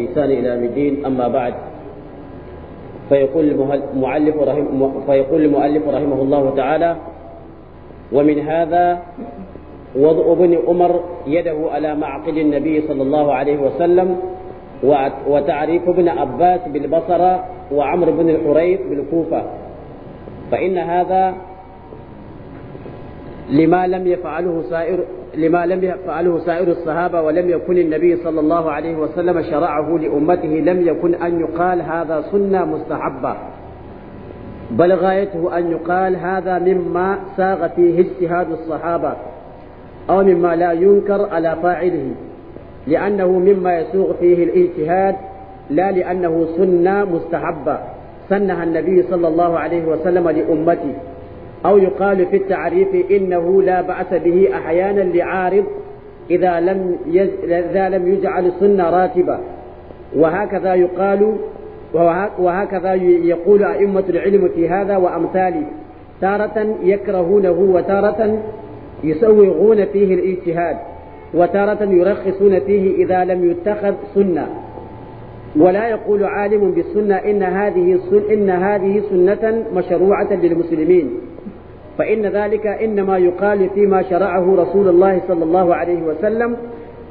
بإحسان إلى يوم الدين أما بعد فيقول المؤلف رحمه فيقول المؤلف رحمه الله تعالى ومن هذا وضع ابن عمر يده على معقل النبي صلى الله عليه وسلم وتعريف ابن عباس بالبصرة وعمر بن الحريث بالكوفة فإن هذا لما لم يفعله سائر لما لم يفعله سائر الصحابة ولم يكن النبي صلى الله عليه وسلم شرعه لأمته لم يكن أن يقال هذا سنة مستحبة بل غايته أن يقال هذا مما ساغ فيه اجتهاد الصحابة أو مما لا ينكر على فاعله لأنه مما يسوغ فيه الاجتهاد لا لأنه سنة مستحبة سنها النبي صلى الله عليه وسلم لأمته أو يقال في التعريف إنه لا بأس به أحيانا لعارض إذا لم إذا لم يجعل السنة راتبة وهكذا يقال وهكذا يقول أئمة العلم في هذا وأمثاله تارة يكرهونه وتارة يسوغون فيه الاجتهاد وتارة يرخصون فيه إذا لم يتخذ سنة ولا يقول عالم بالسنة إن هذه إن هذه سنة مشروعة للمسلمين فإن ذلك إنما يقال فيما شرعه رسول الله صلى الله عليه وسلم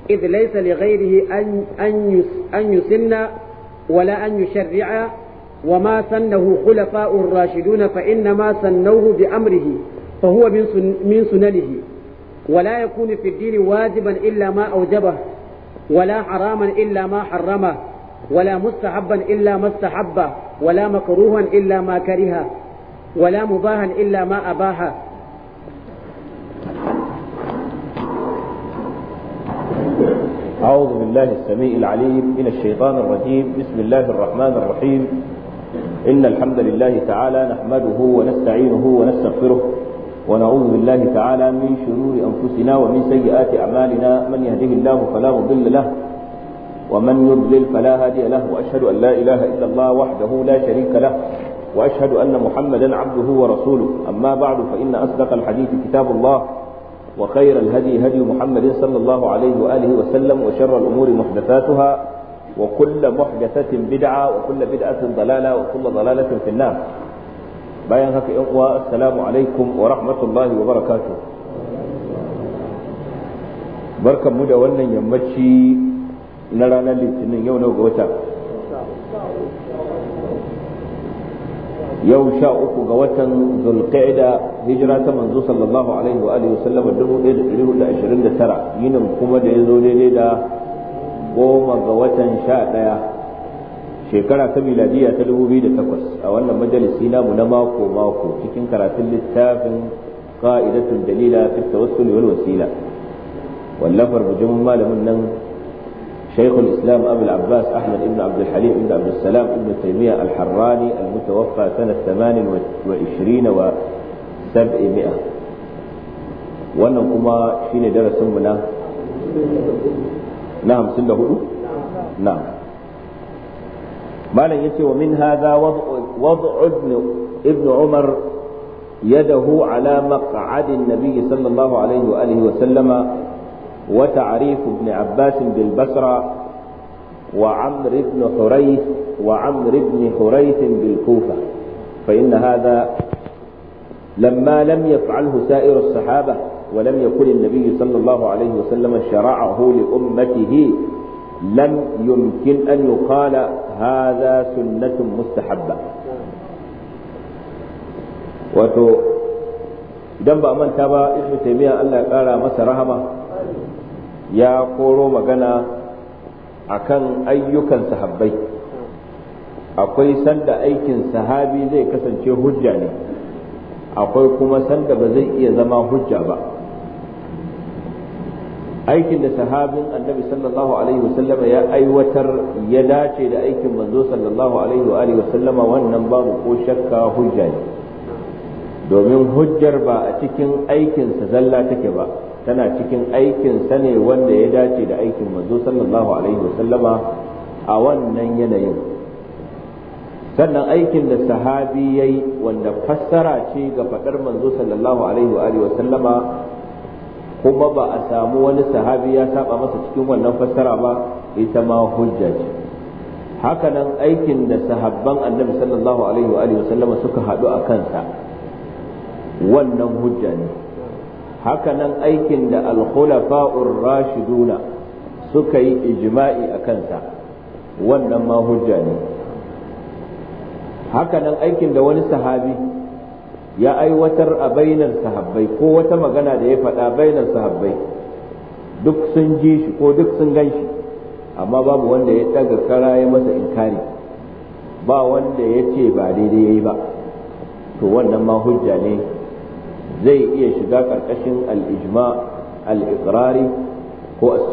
إذ ليس لغيره أن أن أن يسن ولا أن يشرع وما سنه خلفاء الراشدون فإنما سنوه بأمره فهو من من سننه ولا يكون في الدين واجبا إلا ما أوجبه ولا حراما إلا ما حرمه ولا مستحبا إلا ما استحبه ولا مكروها إلا ما كرهه ولا مباها إلا ما أباها أعوذ بالله السميع العليم من الشيطان الرجيم بسم الله الرحمن الرحيم إن الحمد لله تعالى نحمده ونستعينه ونستغفره ونعوذ بالله تعالى من شرور أنفسنا ومن سيئات أعمالنا من يهده الله فلا مضل له ومن يضلل فلا هادي له وأشهد أن لا إله إلا الله وحده لا شريك له وأشهد أن محمدا عبده ورسوله أما بعد فإن أصدق الحديث كتاب الله وخير الهدي هدي محمد صلى الله عليه وآله وسلم وشر الأمور محدثاتها وكل محدثة بدعة وكل بدعة ضلالة وكل ضلالة في النار bayan haka yan uwa assalamu alaikum wa rahmatullahi wa barakatuh barkanmu da wannan yammaci na yau sha uku ga watan zulqa'ida hijira ta manzo sallallahu alaihi wa alihi wasallam 1429 yinin kuma da yazo daidai da goma ga watan sha daya shekara ta miladiya ta 2008 a wannan majalisi namu na mako mako cikin karatun littafin qa'idatul dalila fi tawassul wal wasila wallafar bujumin malamin nan شيخ الإسلام أبو العباس أحمد بن عبد الحليم بن عبد السلام بن تيمية الحراني المتوفى سنة ثمان وعشرين وسبعمائة وأنكما شين درس منا نعم سنده نعم ما لن يتي ومن هذا وضع, وضع ابن, ابن عمر يده على مقعد النبي صلى الله عليه وآله وسلم وتعريف ابن عباس بالبصرة وعمر بن حريث وعمر بن حريث بالكوفة فإن هذا لما لم يفعله سائر الصحابة ولم يكن النبي صلى الله عليه وسلم شرعه لأمته لم يمكن أن يقال هذا سنة مستحبة وتو idan أمان تابا ba ibnu taymiya قال ya kara ya koro magana a kan ayyukan sahabbai akwai sanda aikin sahabi zai kasance hujja ne akwai kuma sanda ba zai iya zama hujja ba aikin da sahabin annabi sallallahu alaihi wasallama ya aiwatar ya dace da aikin manzo sallallahu alaihi wa wasallama wannan babu ko shakka hujja ne domin hujjar ba a cikin aikinsa zalla take ba tana cikin aikin sane wanda ya dace da aikin manzo sallallahu alaihi wasallama a wannan yanayin sannan aikin da sahabi ya yi wanda fassara ce ga faɗar manzo sallallahu alaihi wa sallama kuma ba a samu wani sahabi ya saba masa cikin wannan fassara ba ita ma hujja ce hakanan aikin da sahabban annabi sallallahu alaihi wa sallama suka haɗu a kansa wannan hujja ne hakanan aikin da alkhulafa'ur rashiduna suka yi ijma'i a kansa wannan ma hujja ne haka aikin da wani sahabi ya aiwatar a bainar sahabbai ko wata magana da ya faɗa bainar sahabbai duk sun ji shi ko duk sun gan shi amma babu wanda ya daga kara ya masa inkari ba wanda ya ce ba daidai ya yi ba to wannan ma hujja ne zai iya shiga ƙarƙashin al-ijma ko as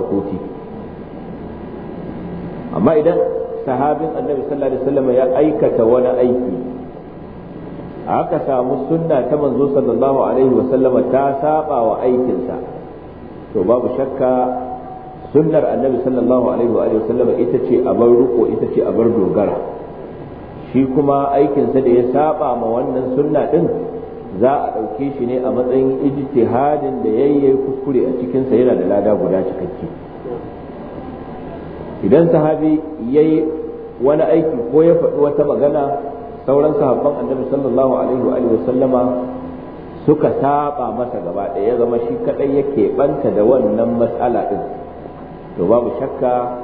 amma idan sahabin annabi sallallahu alaihi ya aikata wani aiki aka samu sunna ta manzo sallallahu alaihi wasallama ta saba wa aikinsa to babu shakka sunnar annabi sallallahu alaihi wasallama ita ce a bar riko ita ce a bar dogara shi kuma aikinsa da ya saɓa ma wannan sunna ɗin. za a ɗauke shi ne a matsayin ijtihadin da yayye kuskure a cikin sa yana da lada guda cikakke idan sahabi yayi wani aiki ko ya faɗi wata magana sauran sahabban annabi sallallahu alaihi wa sallama suka saba masa gaba ɗaya ya zama shi kaɗai yake banta da wannan matsala din. to babu shakka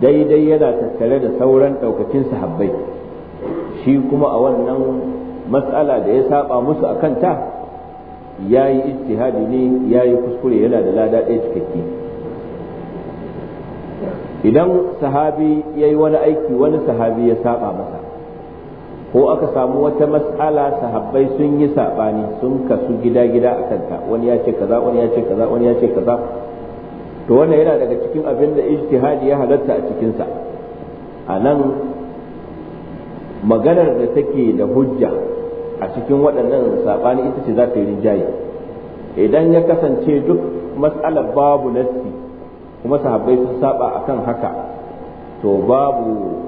daidai yana tattare da sauran ɗaukacin sahabbai shi kuma a wannan matsala da ya saba musu a kanta ya yi ijtihadi ne ya yi kuskure yana da lada ɗaya cikakke idan sahabi ya yi wani aiki wani sahabi ya saba masa ko aka samu wata mas'ala sahabbai sun yi saɓani sun kasu gida-gida a kanta wani ya ce kaza wani ya ce kaza wani ya ce kaza to wannan yana daga cikin abin da ijtihadi ya halatta a cikinsa a nan maganar da take da hujja a cikin waɗannan saɓani ita ce za ta yi rinjaye idan ya kasance duk matsalar babu nassi kuma sahabbai sun saba akan haka to babu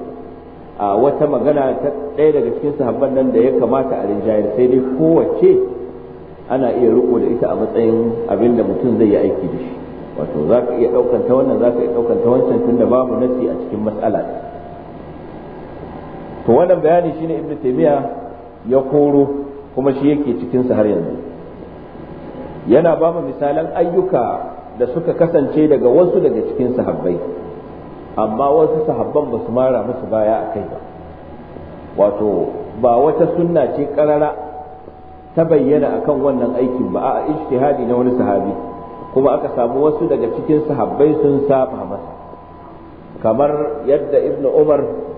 a wata magana ta ɗaya daga cikin sahabban nan da ya kamata a rinjayar sai dai kowace ana iya riko da ita a matsayin abin da mutum zai yi aiki da shi wato za ka iya ɗaukan ta wannan za ka iya ɗaukan ta wancan tun da babu nassi a cikin matsala to wannan bayani shine ibnu taymiya ya koro kuma shi yake cikinsa har yanzu yana ba mu misalan ayyuka da suka kasance daga wasu daga cikin sahabbai amma wasu sahabban ba su mara musu baya a kai ba wato ba wata sunna ce karara ta bayyana akan wannan aikin ba a ijtihadi na wani sahabi kuma aka samu wasu daga cikin sahabbai sun saba masa kamar yadda ibnu umar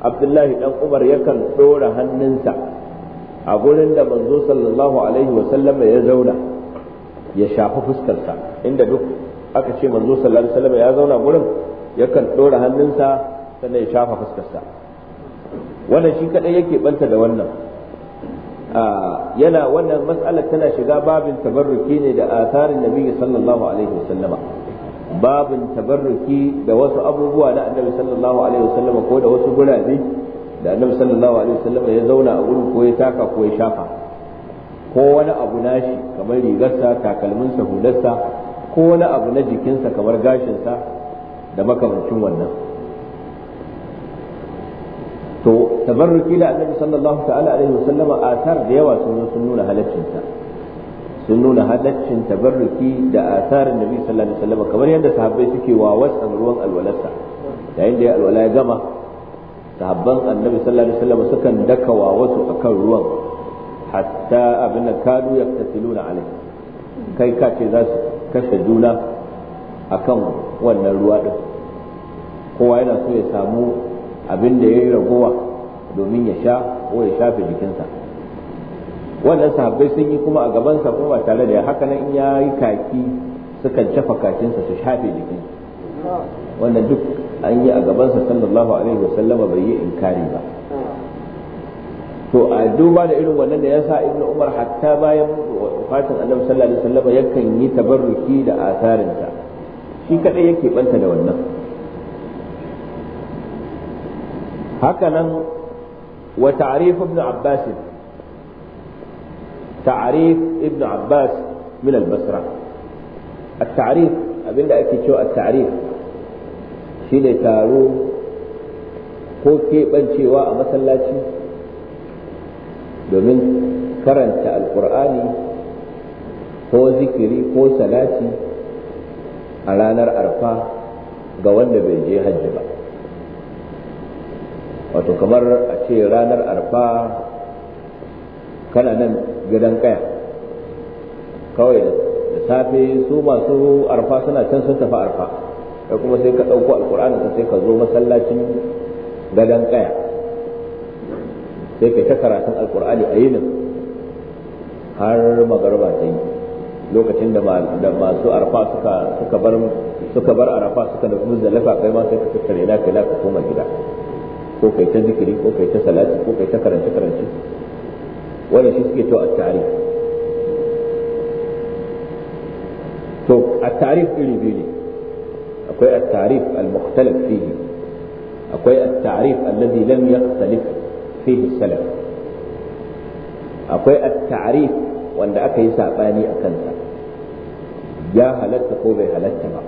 abdullahi dan umar yakan dora hannunsa a gurin da manzo sallallahu alaihi wa sallama ya zauna ya shafi fuskarsa inda duk aka ce manzo sallallahu alaihi wa sallama ya zauna gurin yakan dora hannunsa sannan ya shafa fuskarsa wannan shi kadai yake banta da wannan yana wannan mas'alar tana shiga babin tabarruki ne da atharin nabi sallallahu alaihi wa sallama babin tabarruki da wasu abubuwa na annabi sallallahu alaihi wasallam ko da wasu gurabe da annabi sallallahu alaihi wasallam ya zauna a gurin ko ya taka ko ya shafa ko wani abu nashi kamar rigarsa takalminsa hularsa ko wani abu na jikinsa kamar gashinsa da makamancin wannan to tabarruki da annabi sallallahu ta'ala alaihi a asar da yawa sun nuna halaccinsa sun nuna halaccin tabarruki da asarin nabi sallallahu alaihi wasallam kamar yadda sahabbai suke wawasan ruwan alwalarsa yayin da ya alwala ya gama sahabban annabi sallallahu alaihi wasallam sukan daka wawasu akan ruwan hatta abin da kadu yaktasiluna alai kai ka ce za su kashe juna akan wannan ruwa din kowa yana so ya samu abin da yayi ragowa domin ya sha ko ya shafe jikinsa wannan sahabbai sun yi kuma a gaban sa kuma tare da haka nan in ya yi kaki sukan cafa kakinsa su shafe jikin wannan duk an yi a gabansa sallallahu alaihi wasallama bai yi inkari ba to a duba da irin wannan da ya sa ibnu umar hatta bayan fatan annabi sallallahu alaihi wasallama yakan yi tabarruki da asarinta shi kadai yake banta da wannan haka nan wa ta'rif ibn ta'arif ibn abbas min al-basra abinda ake cewa at-ta'rif shine taro ko keɓancewa a masallaci domin karanta alkur'ani ko zikiri ko salati a ranar arfa ga wanda bai je hajji ba wato kamar a ce ranar arfa kana nan gidan kaya kawai da safe su masu arfa suna can sun tafi arfa da kuma sai ka ɗauko alkur'ani ka sai ka zo masallacin gadon kaya sai ka ta karatun alƙur'ani a yinin har magarba ta yi lokacin da masu arfa suka bar suka bar arafa suka nufi kai ma sai ka tattare na kai na ka koma gida ko kai ta zikiri ko kai ta salati ko kai ta karance karance wanda shi suke to a tarif to a tarif iri biyu ne akwai a tarif al-mukhtalaf fihi akwai a tarif allazi lam yaqtalif fihi salaf akwai a tarif wanda aka yi sabani a kansa ya halatta ko bai halatta ba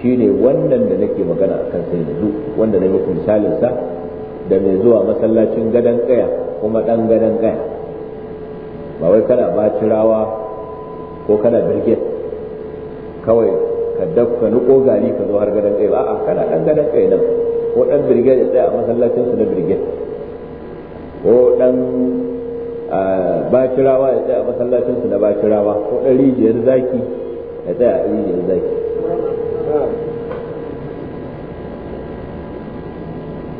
shine wannan da nake magana a kansa yanzu wanda na yi misalin sa da mai zuwa masallacin gadon kaya kuma ɗan gadon kaya ba wai kana bacirawa ko kana birgit kawai ka dafka nuko gari ka zo har gadon kaya ba kana ɗan gadon kaya nan ko ɗan birgit ya tsaya a masallacin su na birgit ko ɗan bacirawa ya tsaya a masallacin su na bacirawa ko ɗan rijiyar zaki ya tsaya a rijiyar zaki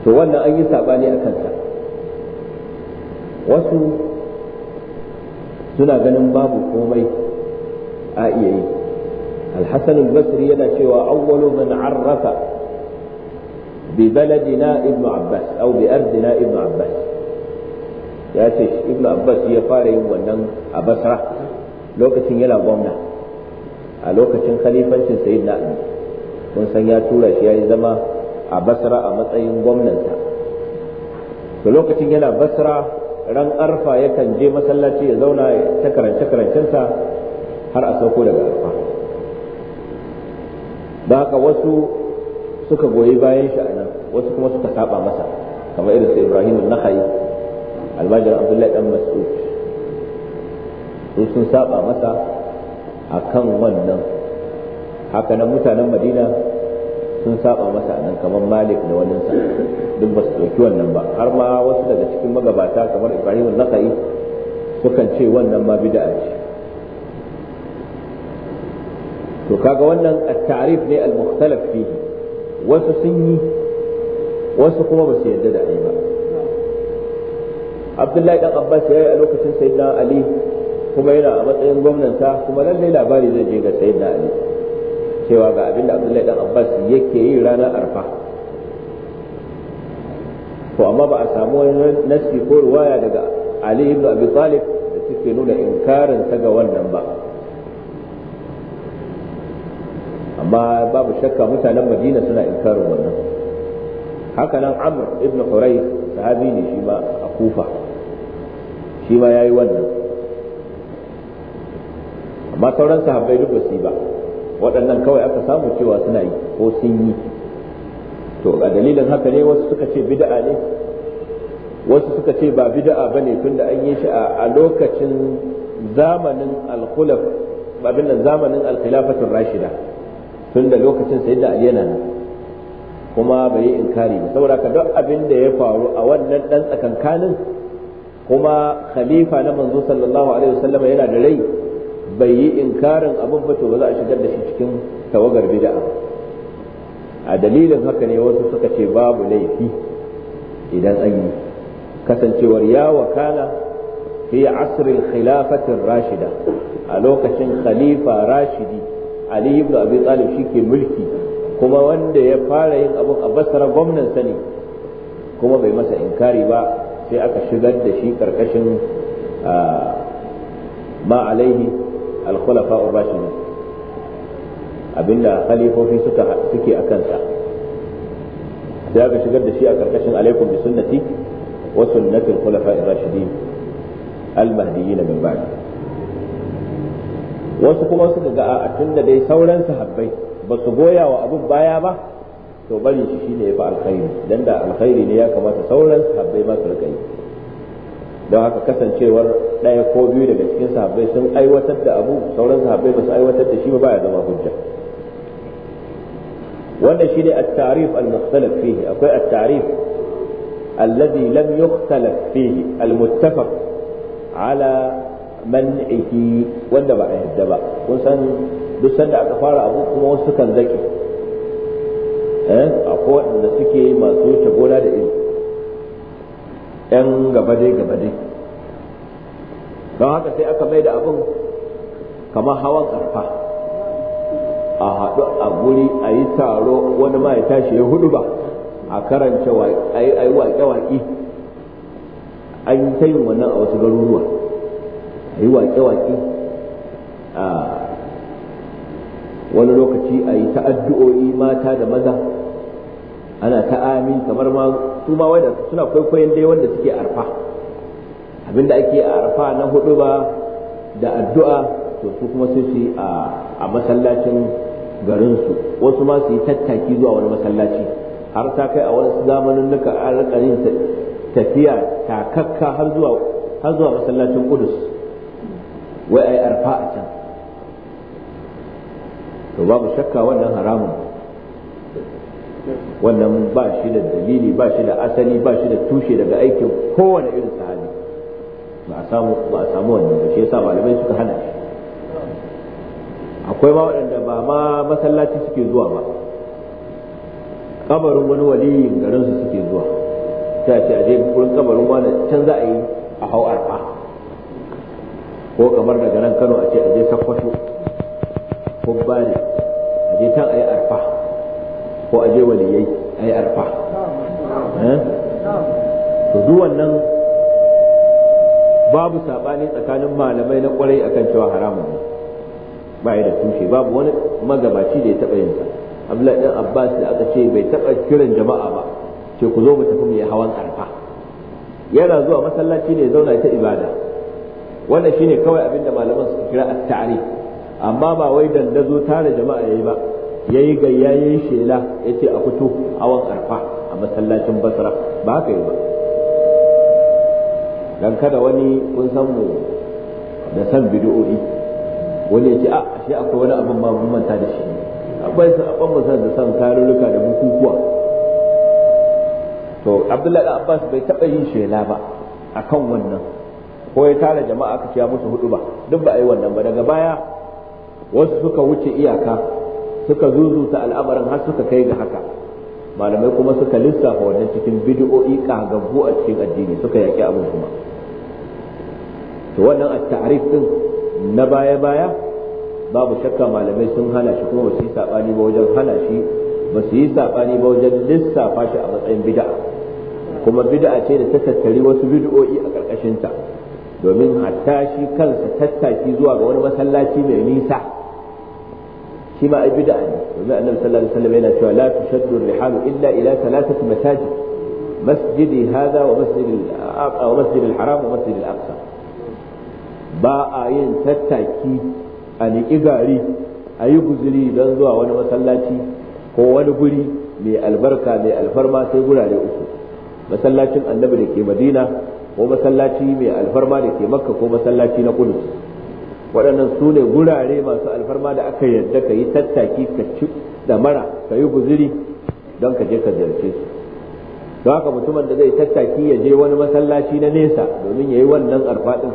to wannan an yi sabani a kansa wasu suna ganin babu komai a iya yi alhassan al-basri yana cewa awwalu man arrafa bi baladina ibnu abbas au bi ardina ibnu abbas ya ce ibnu abbas ya fara yin wannan a basra lokacin yana gwamna a lokacin khalifancin sayyidina ali mun san ya tura shi ya yi zama a basra a matsayin gwamnansa da lokacin yana basra ran arfa yakan je masallaci ya zauna ta karance karancensa har a sauko daga arfa da haka wasu suka goyi bayan shi a nan wasu kuma suka saba masa kamar irin su ibrahim nahai albajir abdullahi dan mas'ud su sun saba masa akan wannan haka nan mutanen madina sun saba masa nan kamar malik da waninsa sa duk ba su ɗauki wannan ba har ma wasu daga cikin magabata kamar ibrahim naka'i sukan ce wannan ma bid'a ce to kaga wannan at-ta'rif ne al-mukhtalaf fihi wasu sun yi wasu kuma ba su yarda da ai ba abdullahi dan abbas yayi a lokacin sayyidina ali kuma yana a matsayin gwamnansa kuma lallai labari zai je ga sayyidina ali cewa ga abin da abdullahi dan abbas yake yi ranar arfa to amma ba a samu wani nasi ko ruwaya daga ali ibn abi talib da suke nuna inkarin ta ga wannan ba amma babu shakka mutanen madina suna inkarin wannan haka nan amr ibn hurai sahabi ne shi ma a kufa shi ma yi wannan amma sauran sahabbai duk ba waɗannan kawai aka samu cewa suna yi ko sun yi to a dalilin haka ne wasu suka ce bid'a ne wasu suka ce ba bid'a bane tunda an yi shi a lokacin zamanin al-khulaf abin nan zamanin al-khilafatur rashida tunda lokacin sayyidina ali yana nan kuma bai yi inkari ba saboda ka duk abin da ya faru a wannan dan tsakankanin kuma khalifa na manzo sallallahu alaihi wasallam yana da rai bai yi inkarin abin ba ba za a shigar da shi cikin tawagar bid'a a dalilin haka ne wasu suka ce babu laifi idan an yi kasancewar ya wakala fi asril khilafatin rashida a lokacin khalifa rashidi ali ibn abi talib shike mulki kuma wanda ya fara yin abun a basara gwamnan sani kuma bai masa inkari ba sai aka shigar da shi karkashin ah, ma alaihi al-khulafa ar-rashidun abinda khalifofi suka suke akan sa sai aka shigar da shi a karkashin alaikum bi sunnati wa sunnati al-khulafa ar-rashidin al-mahdiyyin min ba'di wasu kuma suka ga a tunda dai sauran sahabbai ba su goya wa abin baya ba to bari shi shine ya fi alkhairi dan da alkhairi ne ya kamata sauran sahabbai ma su rika yi don haka kasancewar ɗaya ko biyu daga cikin sahabbai sun aiwatar da abu sauran sahabbai ba su aiwatar da shi ba ya zama hujja wanda shi ne at-ta'rif al-mukhtalaf fihi akwai at-ta'rif alladhi lam yukhtalaf fihi al-muttafaq ala man'ihi wanda ba a yadda ba kun san duk sanda aka fara abu kuma wasu kan zaki eh akwai wanda suke masu wuce gona da ilimi 'yan gaba dai gaba dai don haka sai aka mai da abin kamar hawan karfa a haɗu a guri a yi taro wani ma ya tashi ya hudu ba a karanta a yi waƙe-waƙe an yi ta yin wannan a wasu garuruwa a yi waƙe-waƙe a wani lokaci a yi ta'addu'o'i mata da maza ana ta amin kamar ma su ma wanda suna kwaikwayon dai wanda suke arfa abinda ake a arfa na hudu ba da addu'a to su kuma su shi a masallacin garinsu wasu ma su yi tattaki zuwa wani masallaci har ta kai a wani zamanin nuka an tafiya takakka har zuwa har zuwa masallacin kudus wai ai arfa a can to babu shakka wannan haramun wannan ba shi da dalili ba shi da asali ba shi da tushe daga aikin kowane irin sahabi ba a samu ba a samu wannan ba shi yasa malamai suka hana shi akwai ma waɗanda ba ma masallaci suke zuwa ba kabarin wani waliyin garin su suke zuwa ta ce aje gurin kabarin wani can za a yi a hau arfa ko kamar daga nan Kano a ce aje Sakkwato ko Bari aje can a yi arfa ko a je waliyai a yi arfa eh? to duk wannan babu saɓani tsakanin malamai na kwarai akan cewa haramun ne ba da tushe babu wani magabaci da ya taɓa yin sa abdullahi dan abbas da aka ce bai taɓa kiran jama'a ba ce ku zo mu tafi mu yi hawan arfa yana zuwa masallaci ne zauna ta ibada wannan shine kawai abinda malaman suka kira at-ta'rif amma ba wai dandazo tare jama'a yayi ba yayi gayya yayi shela yace a fito awon arfa a masallacin basra ba haka yi ba dan kada wani kun san mu da san bid'o'i wani yace a ah, shi akwai wani abin ma mun manta da shi akwai san abin mun san da san tarurruka da bukukuwa to abdullahi abbas bai taba yin shela ba akan wannan ko ya tara jama'a aka kiya musu hudu ba duk ba a yi wannan ba daga baya wasu suka wuce iyaka suka zuzuta al'amarin har suka kai ga haka malamai kuma suka lissafa wannan cikin bid'o'i kagaggu a cikin addini suka yaki abin kuma to wannan at-ta'rif din na baya baya babu shakka malamai sun hana shi kuma ba su yi sabani ba wajen hana shi ba su yi sabani ba wajen lissafa shi a matsayin bid'a kuma bid'a ce da ta tattari wasu bid'o'i a karkashin ta domin hatta shi kansa tattaki zuwa ga wani masallaci mai nisa shi ma ai bid'a ne domin annabi sallallahu alaihi wasallam yana cewa la tushaddu rihalu illa ila thalathati masajid masjidi hadha wa masjid al-aqsa wa masjid al-haram wa masjid al-aqsa ba a yin tattaki a niki gari a yi guzuri don zuwa wani masallaci ko wani guri mai albarka mai alfarma sai gurare uku masallacin annabi da ke madina ko masallaci mai alfarma da ke makka ko masallaci na kudus waɗannan su ne gurare masu alfarma da aka yarda ka yi tattaki ka ci da mara ka yi guziri don ka je ka ziyarce su don haka mutumin da zai tattaki ya je wani masallaci na nesa domin ya yi wannan arfaɗin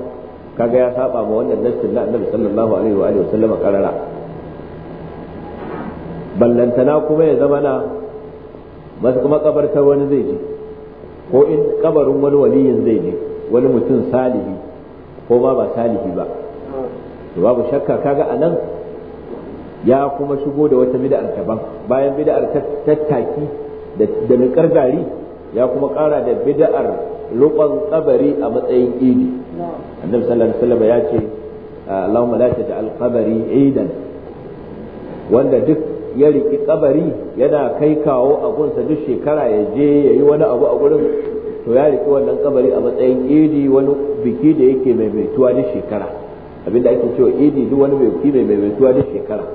kaga ya saba ma wannan nassin na annabi sallallahu alaihi wa alihi wasallama karara ballantana kuma ya zama na masu makabartar wani zai je ko in kabarin wani waliyin zai je wani mutum salihi ko ba salihi ba to babu shakka kaga anan ya kuma shigo da wata bid'ar daban bayan bid'ar tattaki da niƙar gari ya kuma ƙara da bid'ar rukon kabari a matsayin idi annabi sallallahu alaihi wasallam ya ce ah, Allahumma la taj'al qabari idan wanda duk ya riki kabari yana kai kawo a gunsa duk shekara ya je ya yi wani abu a gurin to ya riki wannan kabari a matsayin idi wani biki da yake maimaituwa duk shekara abinda ake cewa idi duk wani mai mai maimaituwa duk shekara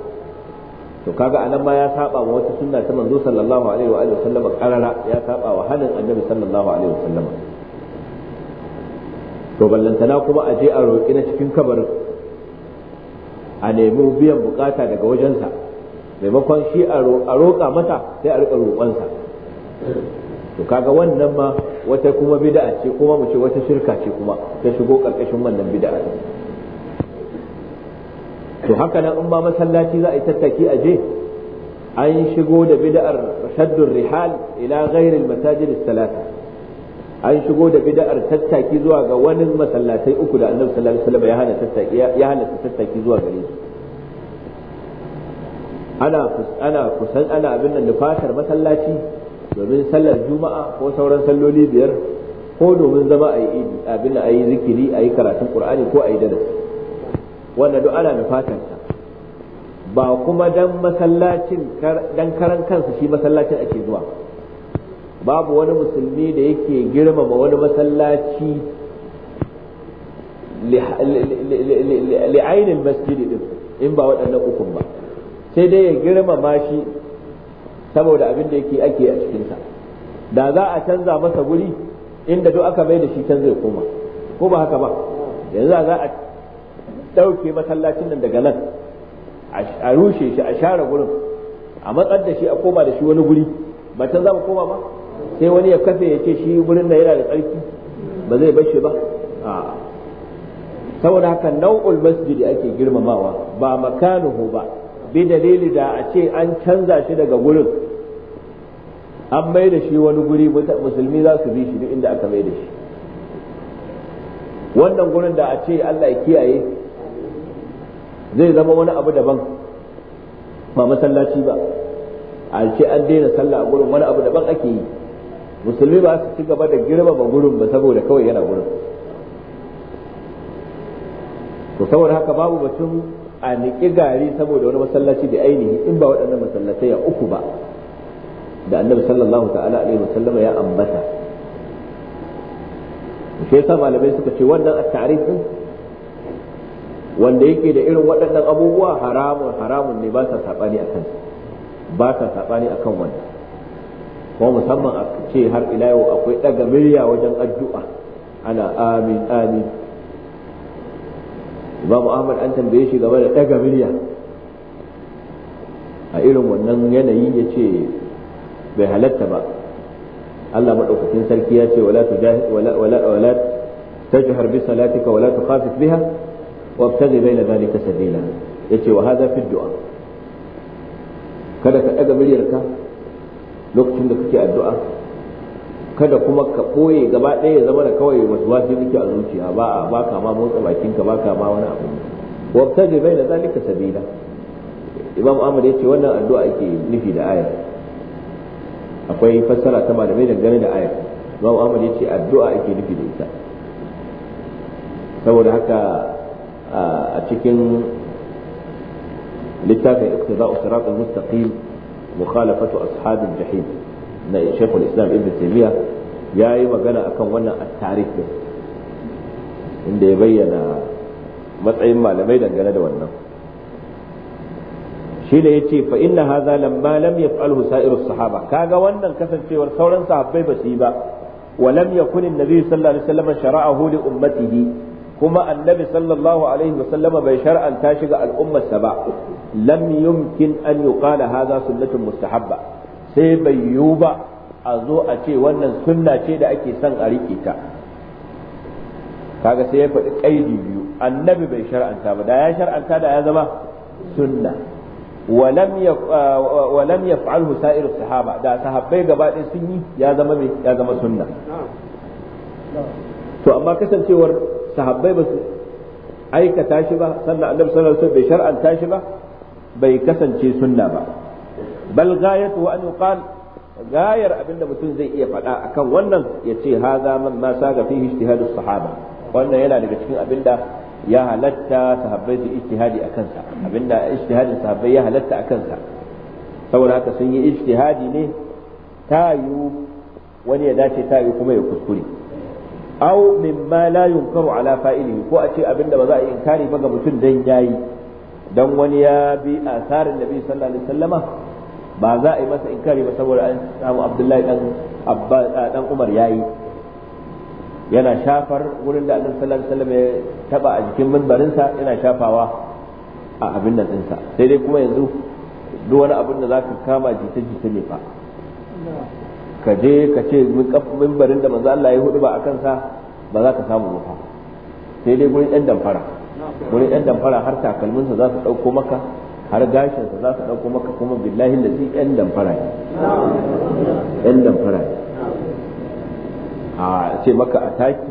to kaga anan ma ya saba wa wata sunna ta manzo sallallahu alaihi wa alihi wasallama karara ya saba wa halin annabi sallallahu alaihi wasallama to ballantana kuma a je a roƙi na cikin kabarin a nemi biyan bukata daga wajensa maimakon shi a roƙa mata sai a riƙa roƙonsa to kaga wannan ma wata kuma bid'a ce kuma mu ce wata shirka ce kuma ta shigo ƙarƙashin wannan bid'a to haka nan in ma masallaci za a yi tattaki a je an shigo da bid'ar shaddur rihal ila ghairi al-masajid an shigo da bid'ar tattaki zuwa ga wani masallatai uku da annabi sallallahu alaihi wasallam ya hana tattaki tattaki zuwa gare su ana ana kusan ana abin nan nufatar masallaci domin sallar juma'a ko sauran salloli biyar ko domin zama a yi abin a yi zikiri a yi karatun qur'ani ko a yi darasi wanda duk ana da fatan ta ba kuma dan masallacin dan karan kansa shi masallacin ake zuwa babu wani musulmi da yake girmama wani masallaci li'ainin masjidi din in ba waɗannan ukun ba sai dai ya girmama shi saboda abin da yake ake a cikinsa da za a canza masa guri inda duk aka mai da shi can zai koma ko ba haka ba yanzu za a Dauke masallacin nan daga nan a rushe shi a share gurin a matsar da shi a koma da shi wani guri ba can za mu koma ba sai wani ya kafe ya ce shi gurin da yana da tsarki ba zai bar shi ba saboda haka nau'ul masjidi ake girmamawa ba makanuhu ba bi dalili da a ce an canza shi daga gurin an mai da shi wani guri musulmi za su bi shi duk inda aka mai da shi wannan gurin da a ce Allah ya kiyaye zai zama wani abu daban ba masallaci ba a ce an daina sallah a gurin wani abu daban ake yi musulmi ba su ci gaba da girma ba gurin ba saboda kawai yana gurin to saboda haka babu batun a niƙi gari saboda wani masallaci da ainihi in ba waɗannan masallatai ya uku ba da annabi sallallahu ta'ala alaihi wasallama ya ambata shi yasa malamai suka ce wannan a tarihin. wanda yake da irin waɗannan abubuwa haramun haramun ne ba sa saɓani a kansa ba sa saɓani a kan wannan kuma musamman a ce har ila yau akwai ɗaga murya wajen addu'a ana amin amin imamu ahmad an tambaye shi game da ɗaga murya a irin wannan yanayi ya ce bai halatta ba Allah maɗaukakin sarki ya ce wala tajhar bi salatika wala tukhafit biha wabtaghi baina zalika sabila yace wa hadha fi du'a kada ka daga muryarka lokacin da kake addu'a kada kuma ka koye gaba ɗaya ya zama da kawai wasu wasu kake a zuciya ba a ba ka ma motsa bakinka ba ka ma wani abu wabtaghi baina zalika sabila imam ahmad yace wannan addu'a yake nufi da ayar akwai fassara ta malamai dangane da ayar imam ahmad yace addu'a yake nufi da ita saboda haka a cikin littafin iqtida'u siratal mustaqim mukhalafatu ashabin jahim na shaykhul islam ibn taymiya yayi magana akan wannan at-tarikh inda ya bayyana matsayin malamai dangane da wannan shi ne yace fa inna hadha lamma lam yaf'alhu sa'iru sahaba kaga wannan kasancewar sauran sahabbai ba su yi ba wa lam yakun an-nabi sallallahu alaihi wasallam shara'ahu li ummatihi kuma annabi sallallahu alaihi wasallama bai shar'anta shi ga al'ummarsa ba lam yumkin an yuqala hadha sunnatun mustahabba sai bai yiwu ba a zo a ce wannan sunna ce da ake son a rike ta kaga sai ya faɗi ƙaidi biyu annabi bai shar'anta ba da ya shar'anta da ya zama sunna walam ya fa'alhu sa'iru sahaba da sahabbai gaba ɗaya sun yi ya zama sunna to amma kasancewar sahabbai ba su aikata shi ba sannan annabi sallallahu alaihi wasallam bai shar'anta shi ba bai kasance sunna ba bal ghayatu wa an yuqal gayar abinda mutum zai iya faɗa akan wannan ya ce haza man ma saga fi ijtihadus sahaba wannan yana daga cikin abinda ya halatta sahabbai su ijtihadi a kansa abinda ijtihadin sahabbai ya halatta a kansa saboda haka sun yi ijtihadi ne tayu wani ya dace tayu kuma ya kuskure aw mimma la yunkaru ala fa'ilihi ko a ce abinda ba za a yi inkari ba ga mutum dan yayi dan wani ya bi asarin nabi sallallahu alaihi wasallama ba za a yi masa inkari ba saboda an samu abdullahi dan dan umar yayi yana shafar wurin da annabi sallallahu alaihi wasallam ya taba a jikin minbarinsa yana shafawa a abin da ɗinsa sai dai kuma yanzu duk wani abin da zaka kama jita jita ne fa ka je ka ce mimbarin da manzo Allah ya hudu ba a kansa ba za ka samu ba sai dai gurin yan damfara gurin yan damfara har takalminsa za su ɗauko maka har gashinsa za su ɗauko maka kuma billahi da su yan damfara ne yan damfara ne a ce maka a taki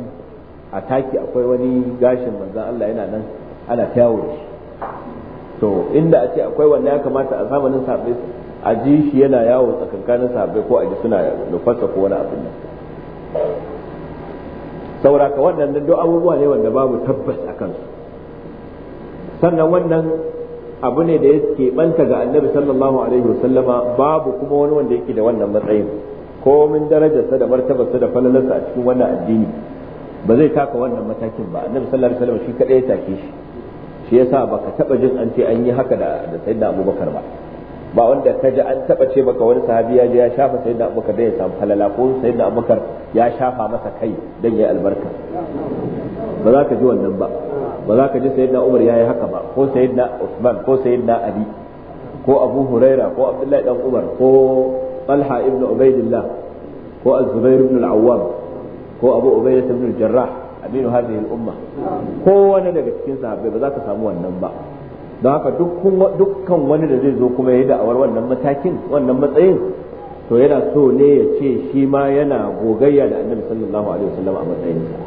a taki akwai wani gashin manzo Allah yana nan ana ta shi, to inda a ce akwai wanda ya kamata a zamanin sabbi a ji shi yana yawo tsakankanin sahabbai ko a ji suna nufasa ko wani abin nan sauraka ka wannan duk abubuwa ne wanda babu tabbas a kansu sannan wannan abu ne da ya keɓanta ga annabi sallallahu alaihi wasallama babu kuma wani wanda yake da wannan matsayin Ko komin darajarsa da martabarsa da falalarsa a cikin wannan addini ba zai taka wannan matakin ba annabi sallallahu alaihi wasallam shi kadai ya take shi shi yasa baka taba jin an ce an yi haka da da sayyidina abubakar ba ba wanda ka ji an taba ce maka wani sahabi ya je ya shafa sai da abubakar da ya samu halala ko sai da abubakar ya shafa masa kai dan ya albarka ba za ka ji wannan ba ba za ka ji sayyidina Umar yayi haka ba ko sayyidina Usman ko sayyidina Ali ko Abu Huraira ko Abdullahi dan Umar ko Talha ibn Ubaidillah ko Az-Zubair ibn Al-Awwam ko Abu Ubaidah ibn Al-Jarrah aminu hadhihi al-umma ko wani daga cikin sahabbai ba za ka samu wannan ba don haka dukkan wani da zai zo kuma ya da'awar wannan matakin wannan matsayin to yana so ne ya ce shi ma yana gogayya da annabi sallallahu alaihi wasallam a matsayin matsayinsa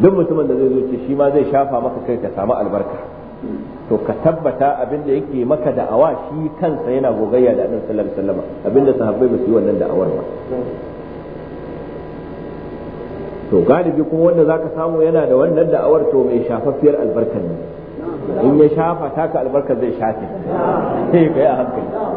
duk mutumin da zai zo ce shi ma zai shafa maka kai ka samu albarka to ka tabbata abin da yake maka da'awa shi kansa yana gogayya da annabi sallallahu alaihi wasallam abin da sahabbai ba su yi wannan da'awar ba to galibi kuma wanda zaka samu yana da wannan da'awar to mai shafaffiyar albarkar ne in ya shafa taka albarkar zai shafe sai ka yi a hankali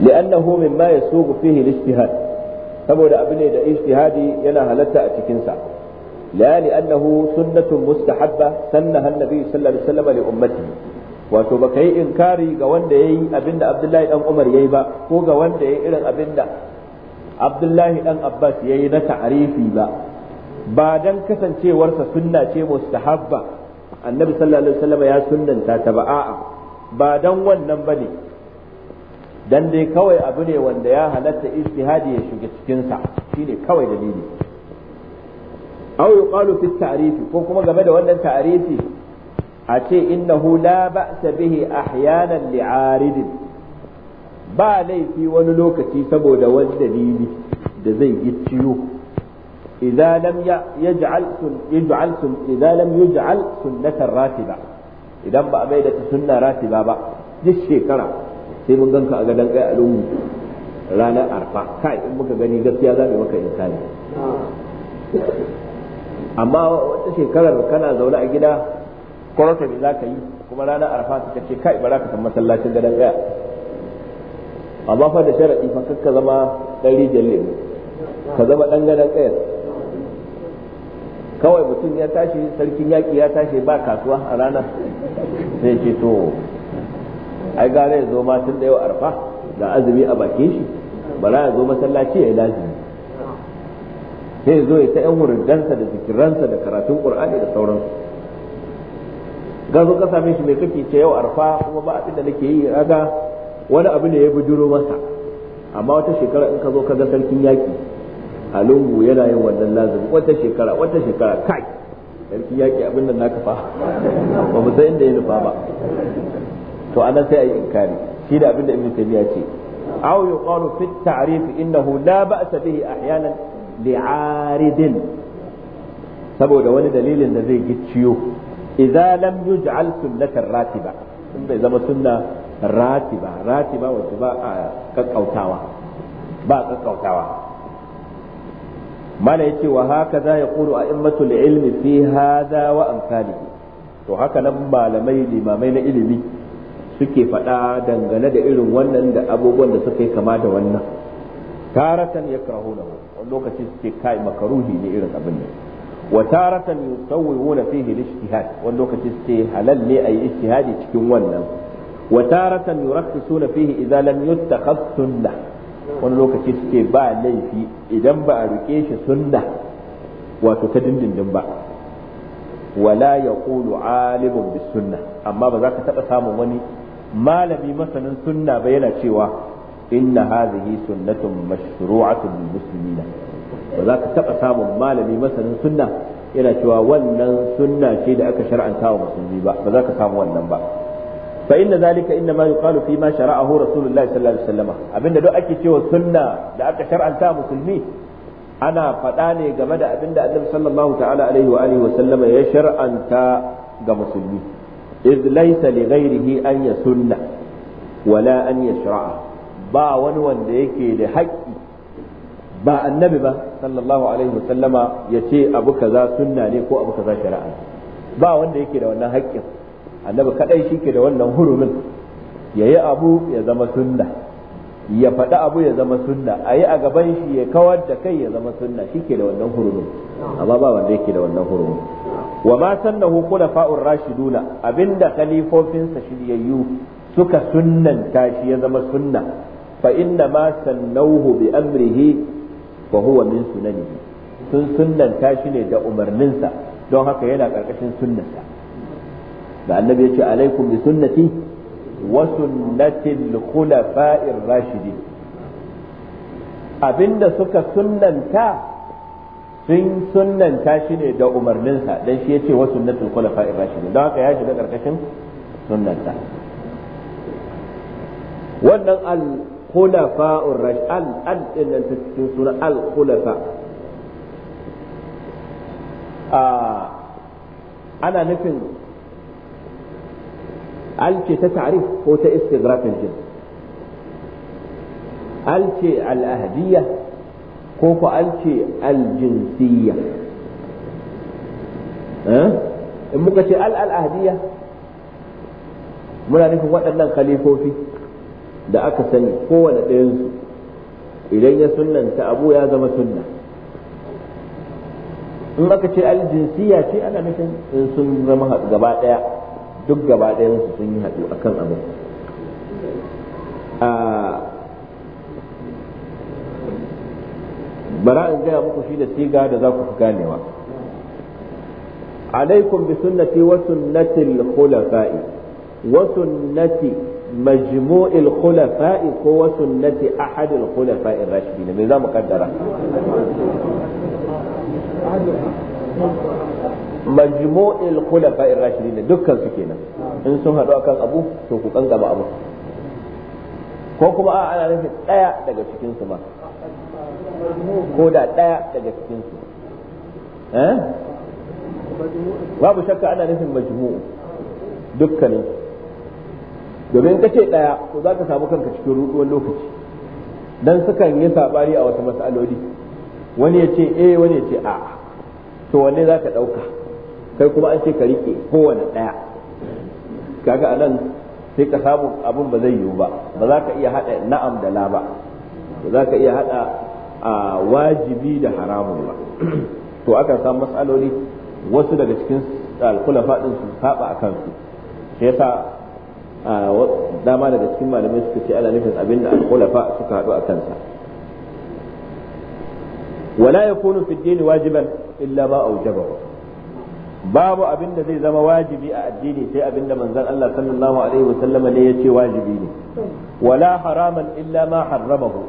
لأنه مما يسوق فيه الاجتهاد saboda abu ne da ijtihadi yana halarta a cikinsa la li annahu sunnatun mustahabba sannaha annabi sallallahu alaihi wasallam li ummati wato baka yi inkari ga wanda yayi abinda Abdullahi dan Umar yayi ba ko ga wanda yayi irin abinda abdullahi dan abbas ya yi na ta'arifi ba ba don kasancewarsa sunna ce mustahabba annabi sallallahu alaihi wasallam ya sunnanta ta ba a'a ba don wannan bane dan dai kawai abu ne wanda ya halatta istihadi ya shiga cikinsa shine kawai dalili aw yuqalu fi ta'rifi ko kuma game da wannan ta'rifi a ce innahu la ba'sa bihi ahyanan li'aridin ba laifi wani lokaci saboda wani dalili da zai yi ciwo idza lam yaj'al yaj'al ratiba idan ba a mai da sunna ratiba ba duk shekara sai mun ganka a gadon kai a lungu ranar arfa kai in muka gani gaskiya za mu maka inkari amma wata shekarar kana zaune a gida kwarota da za ka yi kuma ranar arfa suka ce kai ba za ka san masallacin gadon kai amma fa da sharadi fa kakka zama dan rijiyar lemu ka zama dan gadan kayar kawai mutum ya tashi sarkin yaƙi ya tashi ba kasuwa a ranar sai ce to ai gane ya zo ma tun da yau arfa da azumi a bakin shi bara ya zo masallaci ya yi lazimi sai ya zo ya ta yan wuridansa da zikiransa da karatun qur'ani da sauransu ga zo ka same shi mai kake ce yau arfa kuma ba abin da nake yi raga wani abu ne ya bujuro masa amma wata shekara in ka zo ka ga sarkin yaki a lungu yana yin wannan lazumi wata shekara wata shekara kai sarkin yaki abin nan naka fa ba mu san inda ya nufa ba to anan sai ayi inkari shi da abin da ibnu taymiya ce aw yuqalu fi at-ta'rif innahu la ba'sa bihi ahyanan li'aridin saboda wani dalilin da zai gicciyo idza lam yuj'al sunnatan ratiba in bai zama sunna ratiba ratiba wato ba a kakkautawa ba a kakkautawa mana yace wa haka za ya kuru a immatu ilmi fi hada wa amsalihi to haka nan malamai limamai na ilimi suke faɗa dangane da irin wannan da abubuwan da suka yi kama da wannan taratan ya karahuna wani lokaci suke kai makaruhi ne irin abin nan wa taratan yusawwiwuna fihi lishtihad wannan wani lokaci suke halal ne ayi ijtihadi cikin wannan wa taratan yurakhsisuna fihi idza lam yuttakhadh wani lokaci suke ba laifi idan ba a rike shi sunna wato ta dindindin ba wala yaqulu alimun bis sunnah amma ba za ka taba samun wani malami masanin sunna ba yana cewa inna hadhihi sunnatun mashru'atun lil muslimina ba za ka taba samun malami masanin sunna yana cewa wannan sunna ce da aka shar'anta wa musulmi ba ba za ka samu wannan ba fa inna zalika inna ma yuqalu fi ma shara'ahu rasulullahi sallallahu alaihi wasallam abinda duk ake cewa sunna da aka shar'anta musulmi ana faɗa ne game da abinda annabi sallallahu ta'ala alaihi wa alihi ya shar'anta ga musulmi iz laysa li ghairihi an yasunna wala an yashra'a ba wani wanda yake da haƙƙi ba annabi ba sallallahu alaihi wasallama ya ce abu kaza sunna ne ko shari'a ba wanda yake da wannan haƙƙin annabi shi ke da wannan hurumin yi abu ya zama sunna ya faɗi abu ya zama sunna a yi a gaban shi ya kawar da kai ya zama sunna ke da wannan hurumin amma ba wanda yake da wannan hurumin wa ma sannahu khulafa'ur rashiduna abinda khalifofinsa shiryayyu suka sunnanta shi ya zama sunna fa inna ma sannauhu bi amrihi fa huwa min sunanihi sun sunnanta tashi ne da umarninsa don haka yana karkashin sunnarsa da annabi ya ce alaikum bi sunnati wa sunnatil khulafa'ir rashidin abinda suka sunnanta sun sunnanta shi ne da umarninsa dan shi yace wa sunnatul khulafa'ir rashidin don haka ya shiga karkashin sunnanta wannan al khulafa'ur rashid al al din ta cikin suna al khulafa ana nufin al ce ta ta'rif ko ta istighraq al-jins al ce al-ahdiyya ko ko al ce in muka ce al muna nufin waɗannan khalifofi da aka sani kowane ɗayansu idan ya sunnanta abu ya zama sunna in aka ce aljinsiya ce ana nufin in sun zama gaba ɗaya duk gaba ɗayansu sun yi haɗu akan abin bara in gaya muku shi da siga da za ku fi ganewa alaikum bi sunnati wa sunnati al-khulafa'i wa sunnati majmu'i al-khulafa'i ko wa sunnati ahad al-khulafa'i ar-rashidin me za mu kaddara majmu'il khulafa'ir rashidin dukkan su kenan in sun haɗu akan abu to ku kankama abu ko kuma a ana nufin ɗaya daga cikin su ma ko da ɗaya daga cikin su eh babu shakka ana nufin majmu'u dukkanin domin ka ce ɗaya to za ka samu kanka cikin ruɗuwar lokaci dan sukan yi sabari a wata mas'aloli wani ya ce eh wani ya ce a'a to wanne za ka ɗauka kai kuma an ce ka rike kowane ɗaya kaga anan sai ka samu abun ba zai yiwu ba ba za ka iya haɗa na'am da la ba ba za ka iya haɗa a wajibi da haramun ba to aka samu matsaloli wasu daga cikin alkulafa ɗin su saba a kansu shi yasa dama daga cikin malamai suka ce nufin abin da alkulafa suka haɗu a kansa ولا يكون في الدين واجبا إلا ما أوجبه babu abin da zai zama wajibi a addini sai abin da manzon Allah sallallahu alaihi wa sallama ne yace wajibi ne wala haraman illa ma harramahu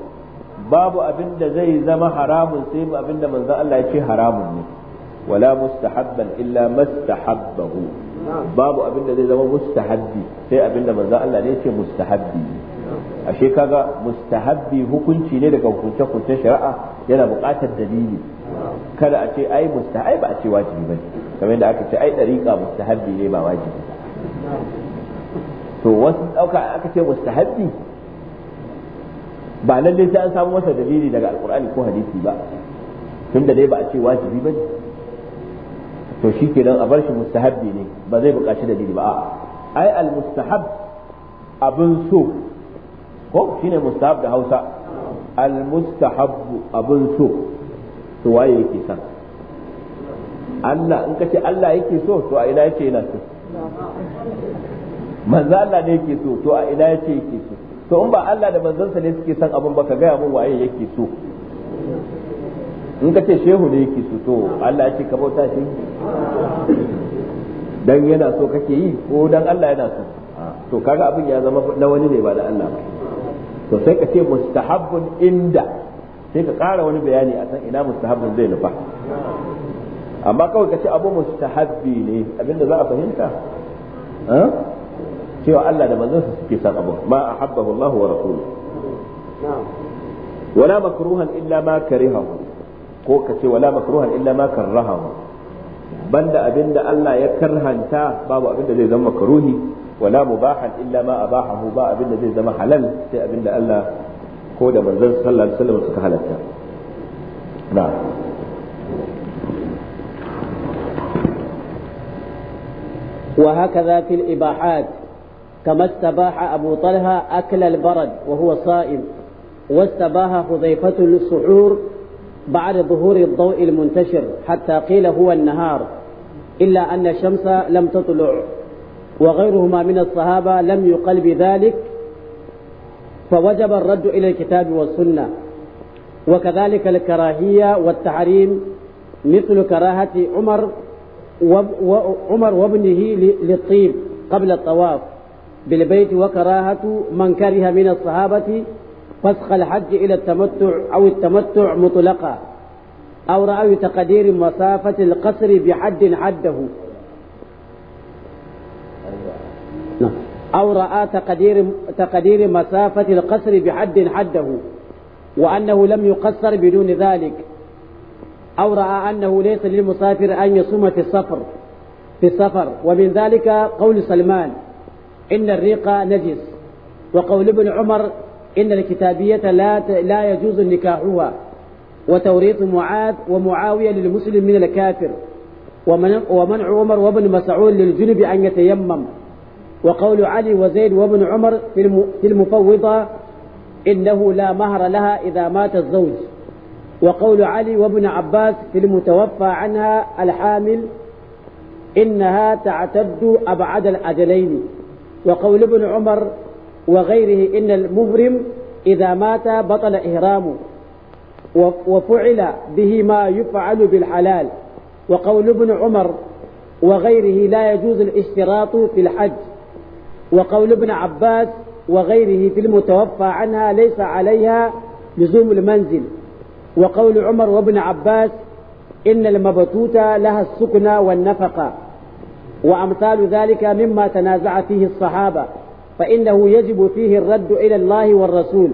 babu abin da zai zama haramun sai abin da manzon Allah yace haramun ne wala mustahabban illa mastahabbahu babu abin da zai zama mustahabbi sai abin da manzon Allah ne yace mustahabbi ashe kaga mustahabbi hukunci ne daga hukunce-hukuncen shari'a yana buƙatar dalili kada a ce ai ba a ce wajibi bane kamar da aka ce ai dariƙa mustahabbi ne ba wajibi to wasu dauka aka ce mustahabbi ba lalle sai an samu masa dalili daga Alƙur'ani ko hadisi ba Tun da dai ba a ce wajibi ba ne to shi kenan a bar shi mustahabbi ne ba zai buƙaci dalili ba ai al mustahab abin so ko shine mustahab da Hausa al mustahab abin so to waye yake san Allah in ka ce Allah yake so to a ina yake yana so manzo Allah ne yake so to a ina yake yake so to in ba Allah da manzansa ne suke son abin ba ka gaya mun waye yake so in ka ce shehu ne yake so to Allah ya ce ka bauta shi dan yana so kake yi ko dan Allah yana so to kaga abin ya zama na wani ne ba da Allah ba to sai ka ce mustahabbun inda sai ka ƙara wani bayani a san ina mustahabbun zai nufa amma kawai ka ce abu mustahabbi ne abinda za a fahimta cewa Allah da manzon sa suke san abu ma ahabbahu Allah wa rasuluhu wala makruhan illa ma karihahu ko ka ce wala makruhan illa ma karrahahu banda abinda Allah ya karhanta babu abinda zai zama makruhi wala mubahan illa ma abahahu ba abinda zai zama halal sai abinda Allah ko da manzon sallallahu alaihi wasallam suka halatta na'am وهكذا في الإباحات كما استباح أبو طلحة أكل البرد وهو صائم واستباح حذيفة للسحور بعد ظهور الضوء المنتشر حتى قيل هو النهار إلا أن الشمس لم تطلع وغيرهما من الصحابة لم يقل بذلك فوجب الرد إلى الكتاب والسنة وكذلك الكراهية والتحريم مثل كراهة عمر عمر وابنه للطيب قبل الطواف بالبيت وكراهة من كره من الصحابة فسخ الحج إلى التمتع أو التمتع مطلقا أو رأوا تقدير مسافة القصر بحد حده نعم. أو رأى تقدير تقدير مسافة القصر بحد حده وأنه لم يقصر بدون ذلك أو رأى أنه ليس للمسافر أن يصوم في السفر في السفر ومن ذلك قول سلمان إن الريق نجس وقول ابن عمر إن الكتابية لا لا يجوز نكاحها وتوريط معاذ ومعاوية للمسلم من الكافر ومنع عمر وابن مسعود للجنب أن يتيمم وقول علي وزيد وابن عمر في المفوضة إنه لا مهر لها إذا مات الزوج وقول علي وابن عباس في المتوفى عنها الحامل إنها تعتد أبعد الأجلين وقول ابن عمر وغيره إن المبرم إذا مات بطل إهرامه وفعل به ما يفعل بالحلال وقول ابن عمر وغيره لا يجوز الاشتراط في الحج وقول ابن عباس وغيره في المتوفى عنها ليس عليها لزوم المنزل وقول عمر وابن عباس إن المبتوتة لها السكنى والنفقة وأمثال ذلك مما تنازع فيه الصحابة فإنه يجب فيه الرد إلى الله والرسول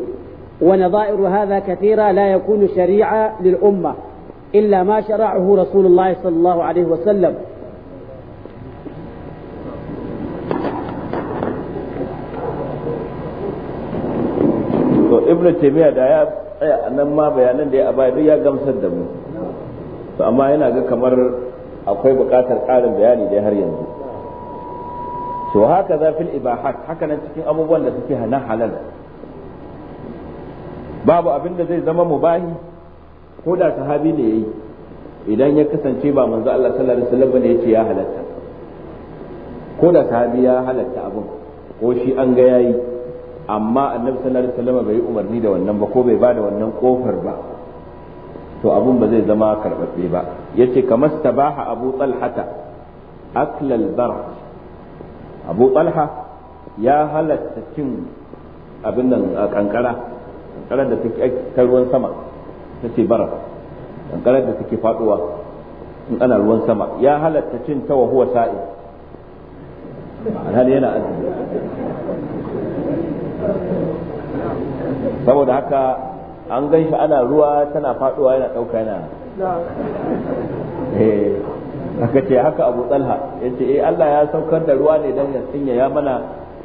ونظائر هذا كثيرة لا يكون شريعة للأمة إلا ما شرعه رسول الله صلى الله عليه وسلم ابن تيمية ده tsaya a nan ma bayanan da ya baya duk ya gamsar da mu to amma yana ga kamar akwai buƙatar ƙarin bayani dai har yanzu to haka za fil ibahat haka nan cikin abubuwan da suke hana halal babu abin da zai zama mubahi ko da sahabi ne yayi idan ya kasance ba manzo Allah sallallahu alaihi wasallam ne yace ya halatta ko da sahabi ya halatta abun ko shi an ga yayi amma annabi sallallahu alaihi wasallam bai umarni da wannan ba ko bai bada wannan kofar ba to abun ba zai zama karbabbe ba yace kamar tabaha abu talhata aklal bar abu talha ya halatta cin abin nan kankara kankarar da take ta ruwan sama ta ce bara kankarar da take faduwa in ana ruwan sama ya halatta cin ta wa huwa sa'id alhali yana azumi saboda haka an gan shi ana ruwa tana faduwa yana ɗauka yana eh, aka ce haka abu talha yace eh Allah ya saukar da ruwa ne dan ya sanya mana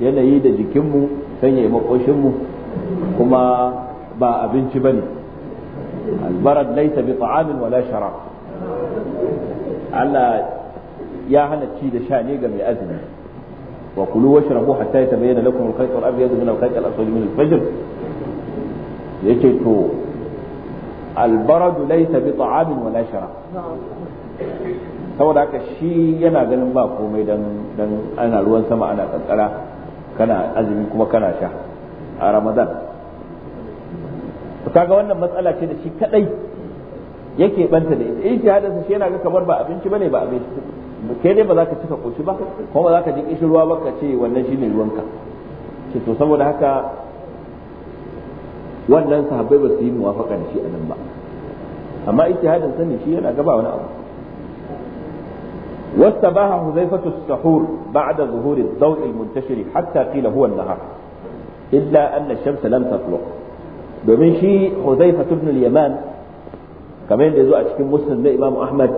yanayi da jikinmu sanya mu kuma ba abinci bane ne albarad laysa bi ta'amin wala sharab Allah ya hana ci da sha ne ga mai azumi وكلوا واشربوا حتى يتبين لكم الخيط الابيض من الخيط الاسود من الفجر yake to albaradu laisa bi ta'amin wala shara saboda haka shi yana ganin ba komai dan ana ruwan sama ana kankara kana azumi kuma kana sha a ramadan kaga wannan matsala ce da shi kadai yake banta da ita ijtihadinsa shi yana ga kamar ba abinci bane ba abinci ke dai ba za ka cika koshi ba ko ba za ka ji kishin ruwa ba ka ce wannan shine ruwanka ce to saboda haka wannan sahabbai ba su yi muwafaka da shi a nan ba amma ijtihadin sani shi yana gaba wani abu واستباح حذيفة السحور بعد ظهور الضوء المنتشر حتى قيل هو النهار إلا أن الشمس لم تطلع domin shi Hudzaifa ibn al-Yaman kamar yadda zo a cikin Muslim na Imam Ahmad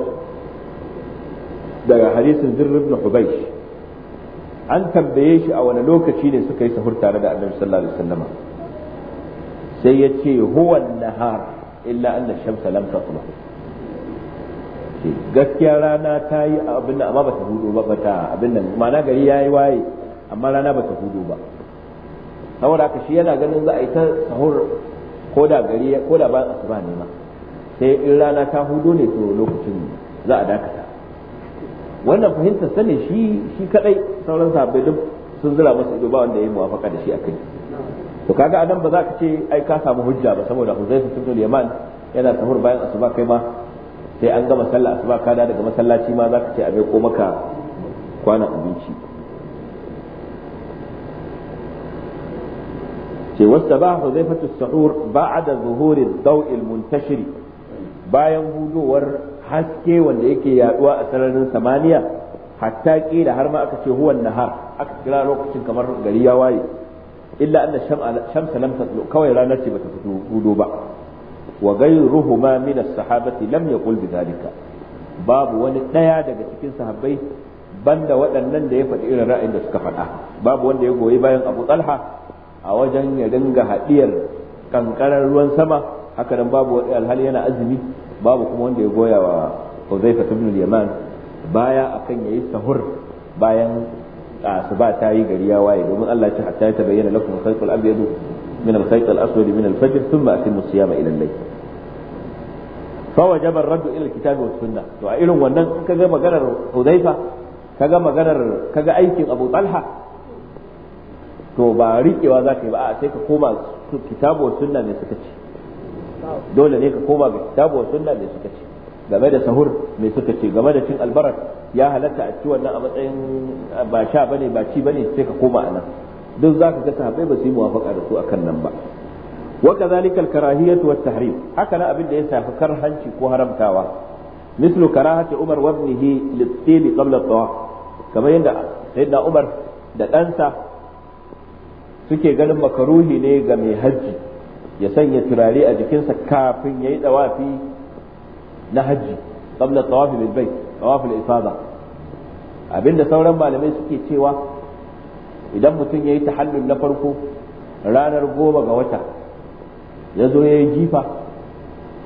daga hadisin zirr ibn hubaysh an tambaye shi a wani lokaci ne suka yi sahur tare da annabi sallallahu alaihi wasallam sai ya ce huwa nahar illa anna shamsa lam tatla gaskiya rana ta yi abin amma ba ta hudu ba ba ta abin nan ma'ana gari ya yi waye amma rana ba ta hudu ba saboda haka shi yana ganin za a yi ta sahur ko da gari ko da ba asuba ne ma sai in rana ta hudu ne to lokacin za a dakata wannan fahimtar sani shi shi kadai sauran sahabbai duk sun zura masa ido ba wanda ya yi muwafaka da shi akai to kaga anan ba za ka ce ai ka samu hujja ba saboda Huzaifa ibn Yaman yana sahur bayan asuba kai ma sai an gama sallah asuba ka daga masallaci ma za ka ce a ko maka kwana abinci ce wasu ba ba'a da ba'da zuhurin daw'il muntashiri bayan hudowar haske wanda yake yaduwa a sararin samaniya hatta kila har ma aka ce huwan nahar aka kira lokacin kamar gari ya waye illa anna shamsa lam tatlu kawai ranar ce bata fito hudu ba wa ghayruhuma min as-sahabati lam yaqul bidhalika babu wani daya daga cikin sahabbai banda waɗannan da ya faɗi irin ra'ayin da suka faɗa babu wanda ya goyi bayan Abu Talha a wajen ya dinga hadiyar kankarar ruwan sama haka nan babu alhali yana azumi babu kuma wanda ya goya wa Uzaifa ibn al-Yaman baya akan yayi sahur bayan asuba ta yi gari ya waye domin Allah ya ce hatta ta bayyana lakum khaytul abyad min al-khayt al-aswad min al-fajr thumma atimmu siyama ila al-layl فوجب الرد الى الكتاب والسنه to a irin wannan kaga maganar Hudhaifa kaga maganar kaga aikin Abu Talha to ba riƙewa za ka yi ba a sai ka koma kitabu wa sunna ne suka ce dole ne ka koma ga kitabu wa sunna ne suka ce game da sahur mai suka ce game da cin albarar ya halatta a ci wannan a matsayin ba sha bane ba ci bane sai ka koma anan duk zaka ga sahabbai ba su yi muwafaqa da su akan nan ba wa kadhalika al karahiyatu wat tahrim haka nan abin da ya shafi karhanci ko haramtawa mislu karahati umar wa ibnihi lit-tili qabla at-tawaf kamar yadda sayyidina umar da ɗansa suke ganin makaruhi ne ga mai hajji ya sanya turare a jikinsa kafin ya yi dawafi na hajji qabla tawafi bil bait tawaful ifada abinda sauran malamai suke cewa idan mutum ya yi tahallul na farko ranar goma ga wata ya zo ya yi jifa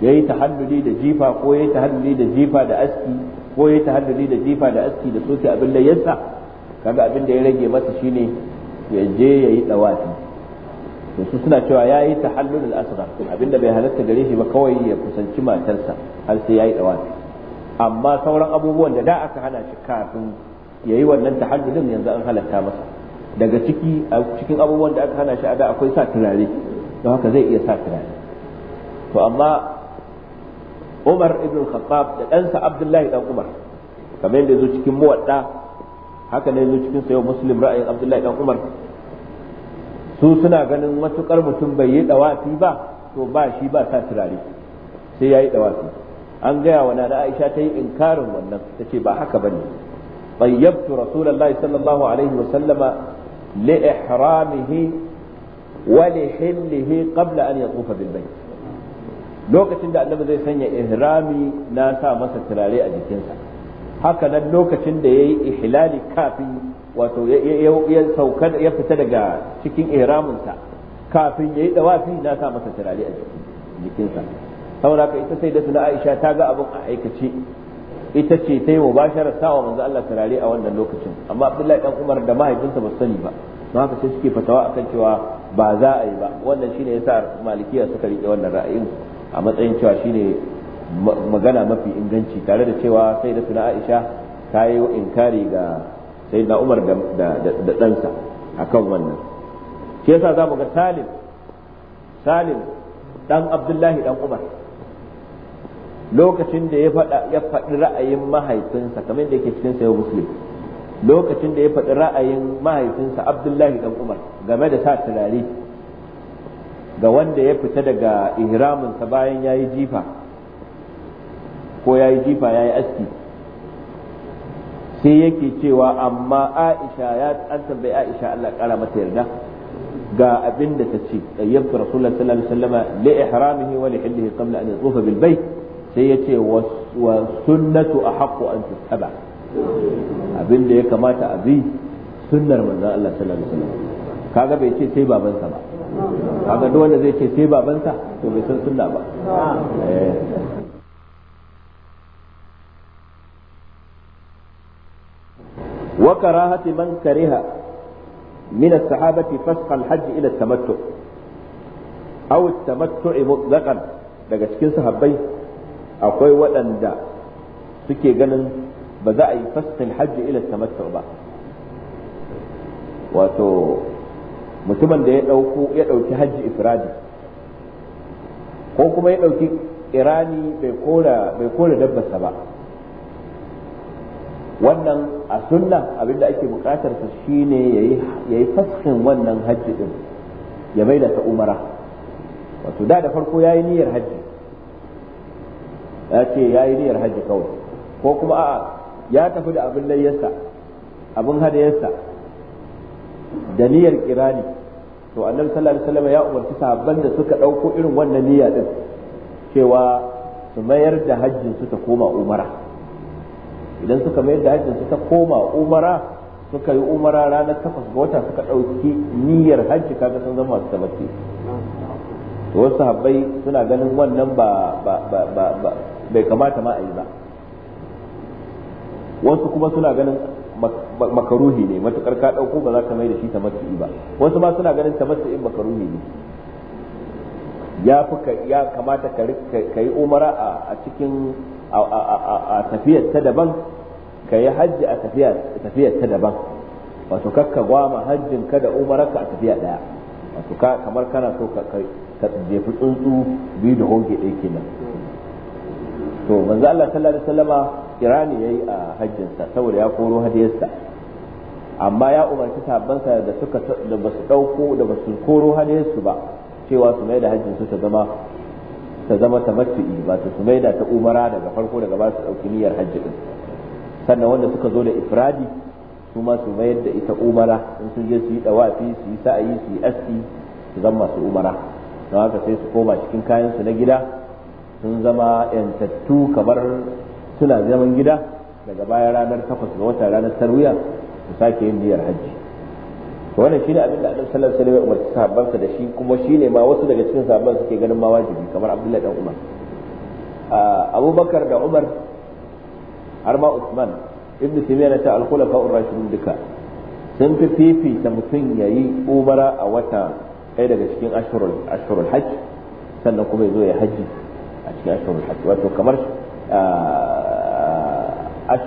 ya yi tahalluli da jifa ko ya yi tahalluli da jifa da aski ko ya yi tahalluli da jifa da aski da soke abin layyarsa kaga abin da ya rage masa shine ya je ya yi dawafi to su suna cewa ya yi ta al al'asara abinda bai halatta gare shi ba kawai ya kusanci matarsa har sai ya yi dawafi amma sauran abubuwan da da aka hana shi kafin ya yi wannan tahallulin yanzu an halatta masa daga ciki cikin abubuwan da aka hana shi a da akwai sa turare don haka zai iya sa turare to amma Umar ibn Khattab da ɗansa Abdullahi dan Umar kamar yadda zo cikin muwadda haka ne zo cikin sayo Muslim ra'ayin Abdullahi dan Umar su suna ganin matukar mutum bai yi dawafi ba to ba shi ba sa turare sai ya yi dawafi an gaya wa nana aisha ta yi inkarin wannan ta ce ba haka ne tsayyabtu Rasulallah sallallahu alaihi wa sallama li ihramihi wa li hillihi qabla an yatufa bil bayt lokacin da annabi zai sanya ihrami na sa masa turare a jikinsa haka nan lokacin da yayi ihlali kafin wato ya ya fita daga cikin ihraminsa kafin ya yi dawafi na sa masa turare a jikinsa saboda ka ita sai da na Aisha ta ga abin a aikace ita ce ta yi mubasharar sawa manzo Allah turare a wannan lokacin amma Abdullahi dan Umar da mahaifinsa ba sani ba don haka sai suke fatawa akan cewa ba za a yi ba wannan shine yasa malikiya suka rike wannan ra'ayin a matsayin cewa shine magana mafi inganci tare da cewa sai da na Aisha ta yi inkari ga sai da umar da ɗansa a kan wannan shi yasa za mu ga salim salim dan abdullahi dan umar lokacin da ya faɗa ya faɗi ra'ayin mahaifinsa kamar yadda yake cikin sayo muslim lokacin da ya faɗi ra'ayin mahaifinsa abdullahi dan umar game da sa turare ga wanda ya fita daga ihraminsa bayan ya yi jifa ko ya yi jifa ya yi aski sai yake cewa amma aisha ya an tambayi aisha Allah kara mata yarda ga abin da ta ce ayyabtu rasulullah sallallahu alaihi wasallam li ihramihi wa li hillihi qabla an yatufa bil bayt sai yace wa sunnatu ahaqqu an tuttaba abin da ya kamata a bi sunnar manzon Allah sallallahu alaihi wasallam kaga bai ce sai babansa ba kaga duk wanda zai ce sai babansa to bai san sunna ba wa karahati man kariha min as-sahabati fasqa al-hajj ila daga cikin sahabbai akwai waɗanda suke ganin ba za yi mutumin da ya dauko ya ɗauki hajji ifradi ko kuma ya ɗauki irani bai kora dabbasa ba wannan a sunna abinda ake bukatar sa shine yayi yayi fashin wannan hajji din ya bai da ta umara wato da da farko yayi niyyar hajji ya ce yayi niyyar hajji kawai ko kuma a'a ya tafi da abin layyarsa abin hadayarsa da niyyar kirani to annabi sallallahu alaihi wasallam ya umarci sahabban da suka dauko irin wannan niyya din cewa su mayar da hajjin su ta koma umara idan suka mayar da hajjin suka koma umara suka yi umara ranar takwas ga wata suka ɗauki niyyar hajji kaga sun zama masu tamatti to wasu habbai suna ganin wannan ba bai kamata ma a yi ba wasu kuma suna ganin makaruhi ne matukar ka ɗauko ba za ka mai da shi tamattu'i ba wasu ma suna ganin tamattu'in makaruhi ne ya fi ya kamata ka yi umara a cikin a tafiyar ta daban ka yi hajji a tafiyar ta daban wato kakka gwama hajjin ka da umararka a tafiya daya wato ka kamar kana so ka jefi tsuntsu biyu da hoge ɗaya kenan to manzo Allah sallallahu alaihi wasallama kirani yayi a hajjin saboda ya koro hadiyarsa amma ya umarci sahabbansa da suka da basu dauko da basu koro hadiyarsu ba cewa su mai da hajjin su ta zama ta zama tamattu'i ba ta su maida ta umara daga farko daga ba su niyyar hajji din sannan wanda suka zo da ifradi su ma su mayar da ita umara in sun je su yi dawafi su yi sa'ayi su yi aski su zama su umara don haka sai su koma cikin kayan su na gida sun zama yantattu kamar suna zaman gida daga bayan ranar takwas ga wata ranar tarwiya su sake yin niyyar hajji to wannan shine abin da annabi sallallahu alaihi wasallam ya umarci sahabbansa da shi kuma shine ma wasu daga cikin sahabban suke ganin ma wajibi kamar abdullahi dan umar abubakar da umar har ma usman ibn taymiyyah ta al-khulafa ar-rashidun duka sun fi fifita mutum ya yi umara a wata ɗaya daga cikin ashurul hajji sannan kuma ya zo ya hajji a cikin ashurul hajji wato kamar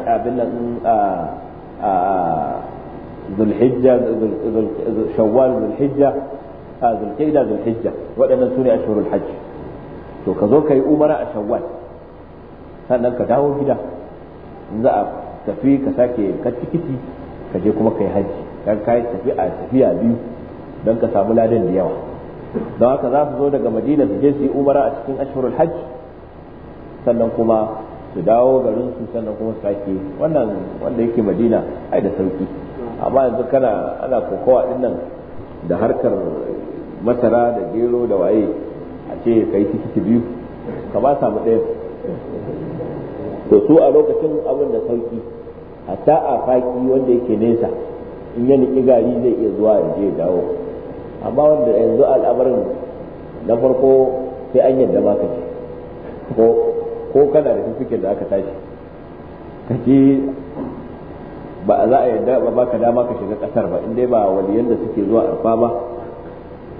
abin nan zulhijja shawwal zulhijja a ah, zulqa'ida zulhijja waɗannan su ne ashhurul hajj to ka zo ka yi umara a shawwal sannan ka dawo gida za a tafi ka sake ka tikiti ka je kuma ka yi hajji kan ka yi tafi a tafiya biyu don ka samu ladan da yawa don haka za su zo daga madina su je su yi umara a cikin ashhurul hajj sannan kuma su dawo garin su sannan kuma su sake wannan wanda yake madina ai da sauki amma yanzu kana ana kokowa din nan da harkar masara da gero da waye a ce ka yi tikiti biyu ka ba samu ɗaya to su a lokacin abin da sauki ta a faki wanda yake nesa in ya niki zai iya zuwa ya je dawo amma wanda yanzu al'amarin na farko sai an yadda ma ka ko kana da fifikin da aka tashi kake ba za a yarda ba baka dama ka shiga kasar ba in dai ba waliyan da suke zuwa arfa ba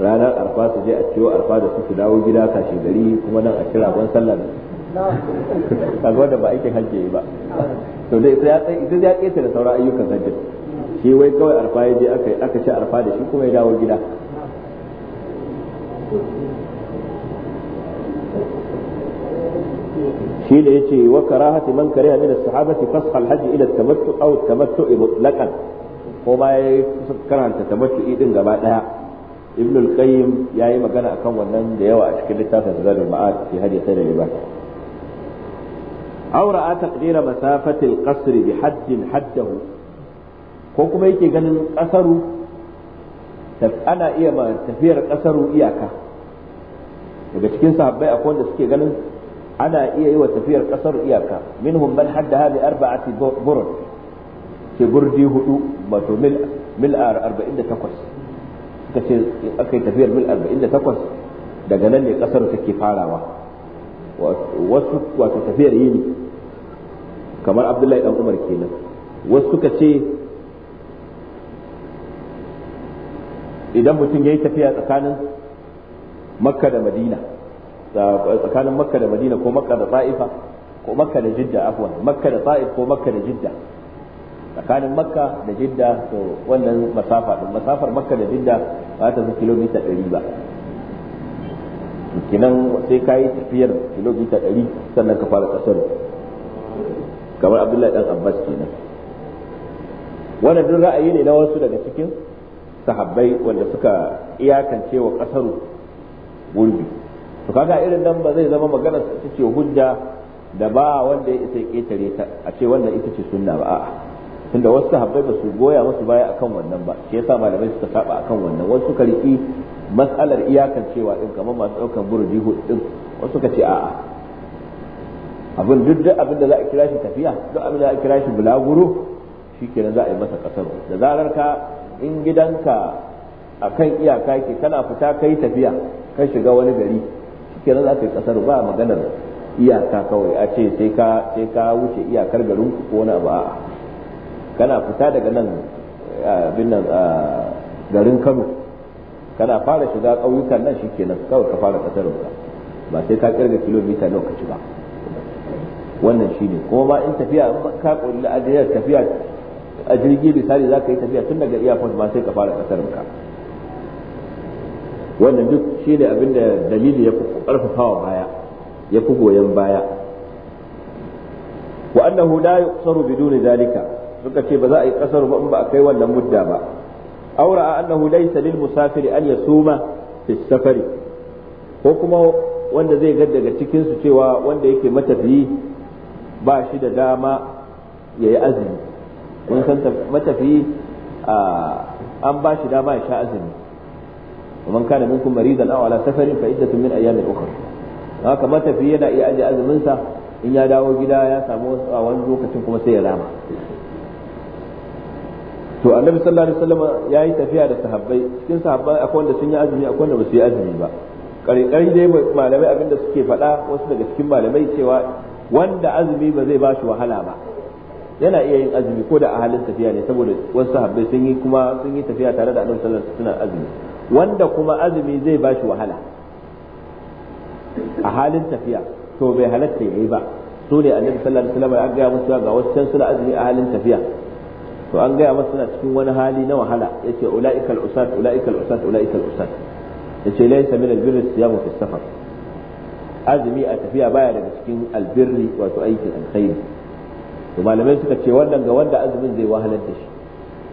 ranar arfa su je a ciwo arfa da su su dawo gida kashi gari kuma nan a kira ban sallah kaga wanda ba aikin hajji ba to dai sai ya idan ya kesa da sauran ayyukan hajji shi wai kawai arfa ya je aka aka ci arfa da shi kuma ya dawo gida shi da yace wa karahati man kariha min as-sahabati fasakh al-hajj ila at-tamattu aw at-tamattu mutlaqan ko ba ya karanta tamattu din gaba daya ibn al-qayyim yayi magana akan wannan da yawa a cikin littafin zadul ma'ad fi hadi sayyid al-ibad aw ra'a taqdira masafati al-qasr bi haddin haddahu ko kuma yake ganin kasaru ana iya ma tafiyar kasaru iyaka daga cikin sahabbai akwai wanda suke ganin ana iya yi wa tafiyar kasar iyaka minhum man haddaha bi arba'ati burud ke burdi hudu wato mil mil 48 suka ce aka yi tafiyar mil 48 daga nan ne kasar take farawa wasu wato tafiyar yini kamar abdullahi dan umar kenan wasu suka ce idan mutum ya yi tafiya tsakanin makka da madina tsakanin makka da madina ko makka da ta'ifa ko makka da jidda afwan makka da ta'if ko makka da jidda tsakanin makka da jidda to wannan masafa din masafar makka da jidda ba ta fi kilomita 100 ba kinan sai ka yi tafiyar kilomita 100 sannan ka fara kasar kamar abdullahi dan abbas kenan wannan duk ra'ayi ne na wasu daga cikin sahabbai wanda suka iyakance wa kasaru gurbi to kaga irin nan ba zai zama magana ta ce hujja da ba wanda ya isa ketare ta a ce wannan ita ce sunna ba a'a tunda wasu sahabbai ba su goya musu baya akan wannan ba shi yasa malamai suka saba akan wannan wasu suka riki mas'alar iyakan cewa din kamar masu daukan burji hudu din wasu suka ce a'a abin duk duk abin da za a kira shi tafiya duk abin da za a kira shi bulaguro shikenan za a yi masa kasar da zarar ka in gidanka akan iyaka ke kana fita kai tafiya ka shiga wani gari kenan za ka yi kasar ba maganar iyaka kawai a ce sai ka sai ka wuce iyakar garin ko wani ba kana fita daga nan abin nan garin Kano kana fara shiga ƙauyukan nan shikenan kawai ka fara kasar ba ba sai ka kirga kilomita lokaci ba wannan shine kuma ba in tafiya ka kulli ajiyar tafiya a jirgi misali za ka yi tafiya tun daga airport ba sai ka fara kasar ka wannan duk shine abin da dalili ya fi karfafawa baya ya fi goyon baya wa annahu la yuqsaru biduni zalika suka ce ba za a yi kasar ba in ba a kai wannan mudda ba aura annahu laysa lil musafiri an yasuma fi safari ko kuma wanda zai ga daga cikin su cewa wanda yake matafiyi ba shi da dama yi azumi mun san matafiyi an ba shi dama ya sha azumi ومن كان منكم مريضا او على سفر فعدة من ايام اخرى هكا matafi yana iya اي اجي sa in ya dawo gida ya samu a wani lokacin kuma sai ya rama to annabi sallallahu alaihi wasallam ya yi tafiya da صحابي cikin صحابي akwai wanda sun yi azumi akwai wanda ba su yi azumi ba dai malamai abinda suke faɗa wasu daga cikin malamai cewa wanda azumi ba zai bashi wahala ba yana iya yin azumi ko da a halin tafiya ne saboda wasu sahabbai sun yi kuma sun yi tafiya tare da annabi sallallahu alaihi wasallam azumi wanda kuma azumi zai ba shi wahala a halin tafiya to bai halatta yayi ba su ne annabi sallallahu alaihi wasallam ya gaya musu ga wasu suna azumi a halin tafiya to an gaya musu suna cikin wani hali na wahala yace ulaikal usat ulaikal usat ulaikal usat yace laysa min albirri siyamu fi safar azumi a tafiya baya daga cikin albirri wato aikin alkhairi to malamai suka ce wannan ga wanda azumin zai wahalar da shi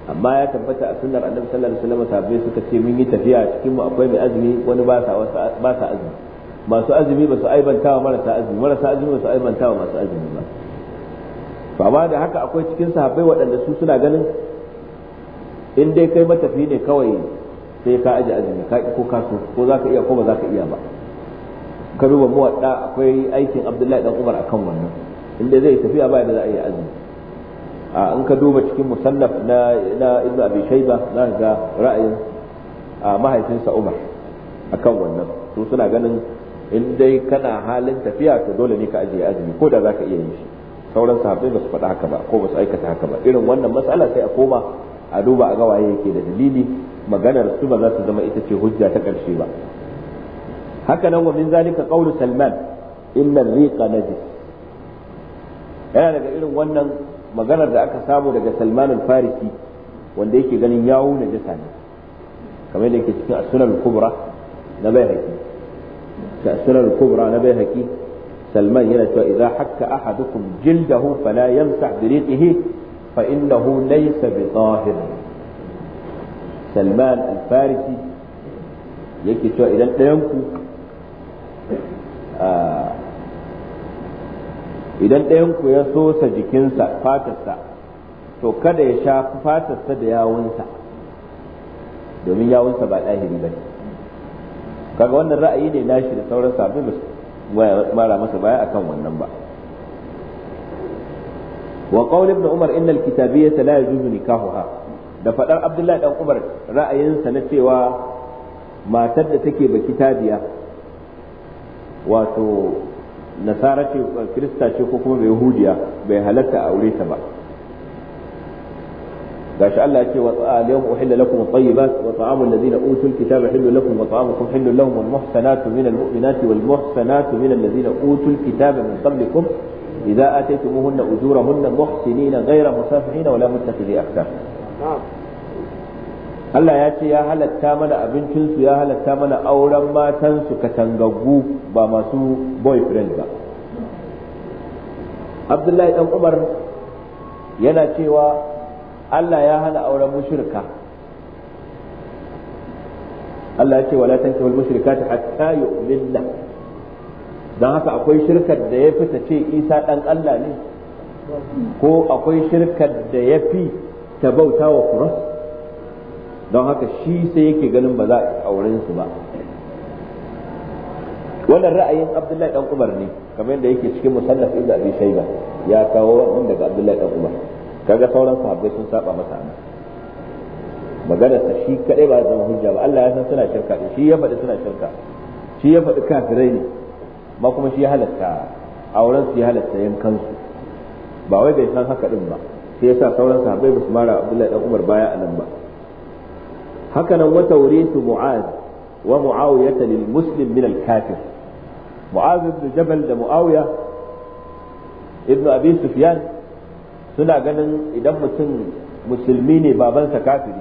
amma ya tabbata a sunnar annabi sallallahu alaihi wasallam sahabbai suka ce mun yi tafiya cikin mu akwai mai azumi wani ba sa ba sa azumi masu azumi ba su aibanta wa marasa azumi marasa azumi ba su aibanta wa masu azumi ba ba da haka akwai cikin sahabbai waɗanda su suna ganin in dai kai matafi ne kawai sai ka aje azumi ka ko ka so ko za ka iya ko ba za ka iya ba ka duba muwadda akwai aikin abdullahi dan umar akan wannan inda zai tafiya ba da za a yi azumi in ka duba cikin musallaf na na ibnu abi shayba za ga ra'ayin mahaifinsa umar akan wannan su suna ganin in dai kana halin tafiya to dole ne ka ajiye azumi ko da zaka iya yin shi sauran sahabbai ba su faɗa haka ba ko ba su aikata haka ba irin wannan matsala sai a koma a duba a ga waye yake da dalili maganar su ba za ta zama ita ce hujja ta ƙarshe ba haka nan wa min zalika qawlu salman inna riqa najis yana daga irin wannan maganar da aka samu daga Salman al-Farisi wanda yake ganin yawo na jasa ne kamar da yake cikin as-Sunan al-Kubra na Baihaqi ka as-Sunan al-Kubra na Baihaqi Salman yana cewa idza hakka ahadukum jildahu fala yamsah bi riqihi fa innahu laysa bi tahir Salman al-Farisi yake cewa idan ɗayan ku ah, idan ɗayan ku ya sosa jikinsa fatarsa to kada ya sha fatarsa da yawunsa domin yawunsa ba ɗahiri ba kaga wannan ra'ayi ne nashi da sauran sabbin ba mara masa baya akan wannan ba wa qawl ibn umar inna al-kitabiyyah la yajuzu nikahuha da fadar abdullahi dan umar ra'ayinsa na cewa matar da take ba kitabiya wato nasara ce kirista ce ko kuma bai yahudiya bai halatta a aure ta ba gashi Allah ya ce wa al-yawm uhilla lakum at-tayyibat wa ta'amu alladhina utul kitaba hillu lakum wa ta'amukum hillu lahum wal muhsanatu min al-mu'minati wal muhsanatu min alladhina utul kitaba min qablikum idza ataytumuhunna ujurahunna muhsinina ghayra musafihin wa la muttakhidhi akhdan Allah ya ce ya halatta mana abincinsu ya halatta mana auren matansu katangaggu ba masu boyfriend ba abdullahi dan umar yana cewa Allah ya hana auren mushirka Allah ya ce wala tankihul ta hatta yu'minna dan haka akwai shirkar da ya fita ce Isa dan Allah ne ko akwai shirkar da ya fi ta bauta wa kuras don haka shi sai yake ganin ba za a auren su ba wannan ra'ayin abdullahi dan umar ne kamar yadda yake cikin musannaf ibn abi shayba ya kawo wannan daga abdullahi dan umar kaga sauran sahabbai sun saba masa amma maganar ta shi kadai ba zama hujja ba Allah ya san suna shirka shi ya faɗi suna shirka shi ya faɗi kafirai ne ma kuma shi ya halatta auren su ya halatta yankan su ba wai bai san haka din ba sai yasa sauran sahabbai ba su mara abdullahi dan umar baya a nan ba haka nan wa su mu'az wa muawiyata lil muslim min al kafir mu'az ibn jabal da muawiya ibn abi sufyan suna ganin idan mutum musulmi ne babansa kafiri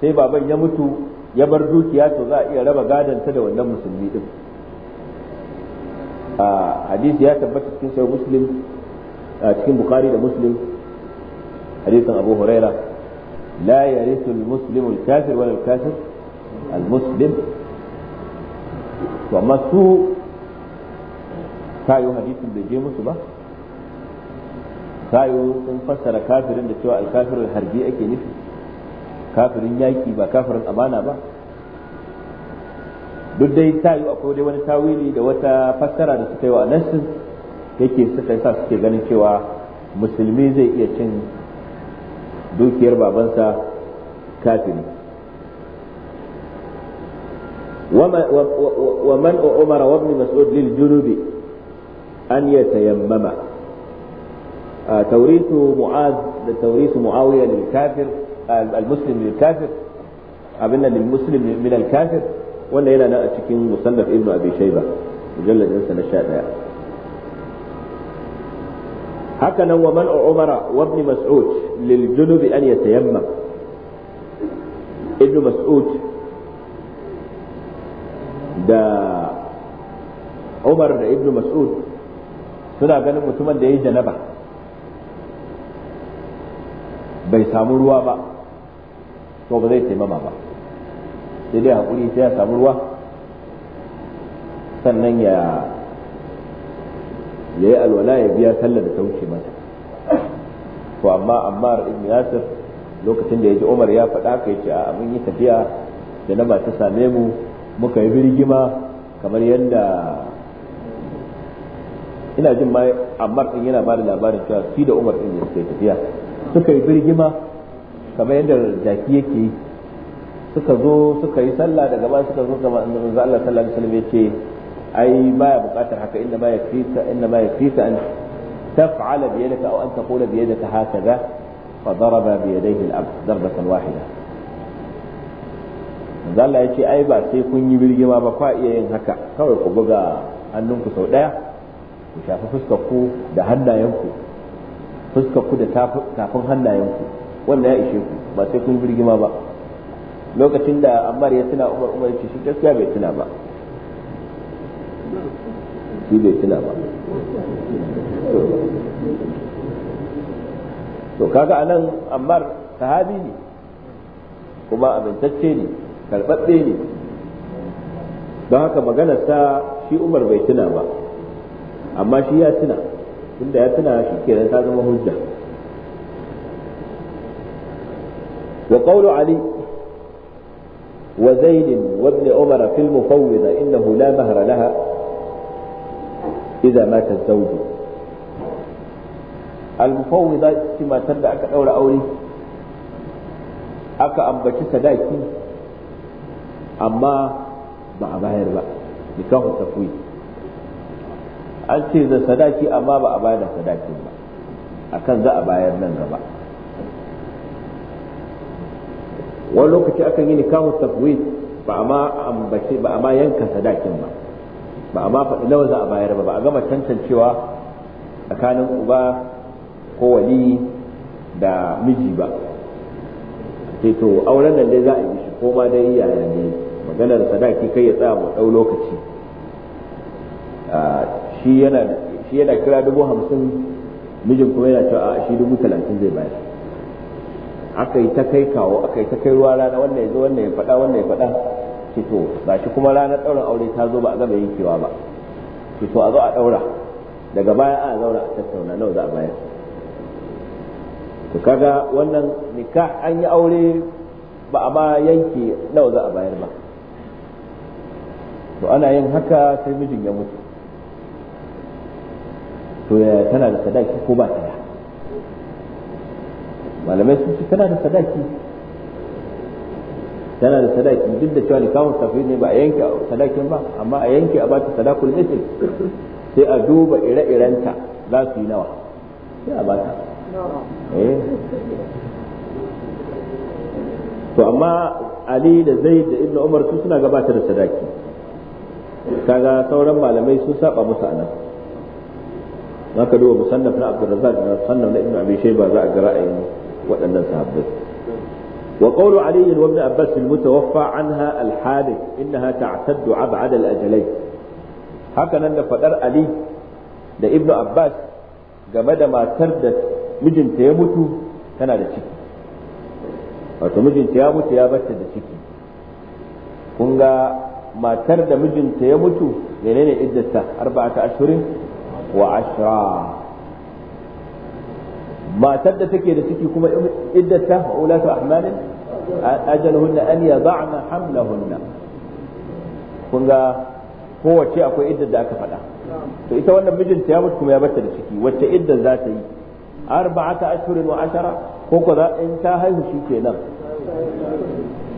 sai baban ya mutu ya bar dukiya to za a iya raba gadon ta da wannan musulmi din a hadisi ya tabbata cikin sai muslim a cikin bukari da muslim hadisin abu huraira لا يرث المسلم الكافر ولا الكافر المسلم وما سوء كايو حديث bai سبا كايو ba كافر عند fassara الكافر الحربي اكي alkafirin كافر ake با كافر yaƙi با kafirin amana ba duk dai tayo akwai dai wani tawili da wata fassara da suka yi wa nassin yake suka yi sa suke ganin cewa musulmi zai iya cin dukiyar babansa kafiri wa man umar wa ibn mas'ud lil junubi an yatayammama توريث معاذ توريث معاوية للكافر المسلم للكافر أبنا للمسلم من الكافر ولا إلى نأتكين مصنف ابن أبي شيبة مجلد إنسان الشاء haka nan wa man umara wa ibn mas'ud lil junubi an yatayammam ibnu mas'ud da Umar da ibnu mas'ud suna ganin mutumin da ya yi janaba bai samu ruwa ba to ba zai taimama ba sai dai hakuri ta ya samu ruwa sannan ya yi alwala ya biya sallar da ta wuce mata to amma ammar ibn yasir lokacin da ya ji umar ya faɗa ka yace a mun yi tafiya da na ba ta same mu muka yi birgima kamar yadda ina jin ma ammar din yana bada labarin cewa shi da umar din suka yi tafiya suka yi birgima kamar yadda jaki yake suka zo suka yi sallah daga ba suka zo kamar annabi sallallahu alaihi wasallam yace ai baya bukatar haka inda baya fita inda baya fita an تفعل بيدك أو أن تقول بيدك هكذا فضرب بيديه الأب ضربة واحدة Allah ya ce ai ba sai kun yi birgima ba kwa iya yin haka kawai ku buga hannunku sau ɗaya ku shafi fuskarku da hannayenku fuskarku da tafin hannayenku wannan ya ishe ku ba sai kun birgima ba lokacin da Ammar ya tuna Umar Umar ya ce shi gaskiya bai tuna ba shi bai tuna ba to kaga anan ammar sahabi ne kuma amintacce ne karɓaɓɓe ne don haka maganarsa shi umar bai tuna ba amma shi ya tuna tunda ya tuna shi kenan ta zama hujja wa qawlu ali wa zaid wa ibn umar fi al-mufawwida innahu la mahra laha idza mata az-zawj al-mufawwida ce matar da aka daura aure aka ambaci sadaki amma ba a bayar ba nikahu tafwi an ce da sadaki amma ba a bayar da sadakin ba akan za a bayar nan gaba wani lokaci akan yi nikahu tafwid ba a ma ambace ba a ma yanka sadakin ba ba a ma faɗi nawa za a bayar ba ba a gama tantancewa tsakanin uba ko wali da miji ba sai to auren nan dai za a yi shi ko ma dai yaya ne maganar sadaki kai ya tsaya mu dau lokaci shi yana shi yana kira dubu hamsin mijin kuma yana cewa a shi dubu talatin zai bayar aka yi ta kai kawo aka yi ta kai ruwa rana wannan ya zo wannan ya faɗa wannan ya faɗa ce to ba shi kuma ranar ɗaurin aure ta zo ba a gama yankewa ba ce to a zo a ɗaura daga baya a zaura a tattauna nawa za a bayar to kaga wannan nikah an yi aure ba a ba yanke nawa za a bayar ba to ana yin haka sai mijin ya mutu to ya tana da sadaki ko ba tana malamai sun ce tana da sadaki tana da sadaki duk da cewa nikahun safi ne ba a yanke sadakin ba amma a yanke a bata sadakul nisf sai a duba ire-irenta za su yi nawa sai a bata Eh? Eh? to amma ali da zai da ibnu umar su suna gabatar da sadaki kaga sauran malamai sun saba musu anan zaka duba musannaf na abdul razzaq da musannaf na ibnu abi shayba za a ga ra'ayin waɗannan sahabbai wa qawlu ali ibn abbas al mutawaffa anha al hadith innaha ta'taddu ab'ad al ajalay haka nan da faɗar ali da ibnu abbas game da matar da mijinta ya mutu tana da ciki wato mijinta ya mutu ya bata da ciki kun ga matar da mijinta ya mutu menene iddata arba'ata ashirin wa ashra matar da take da ciki kuma iddata wa ulatu ahmalin ajaluhunna an yada'na hamlahunna kun ga kowace akwai iddar da aka faɗa to ita wannan mijinta ya mutu kuma ya bata da ciki wacce iddar za ta yi arba'ata ashhurin wa ashara ko ko za in ta haihu shi ke kenan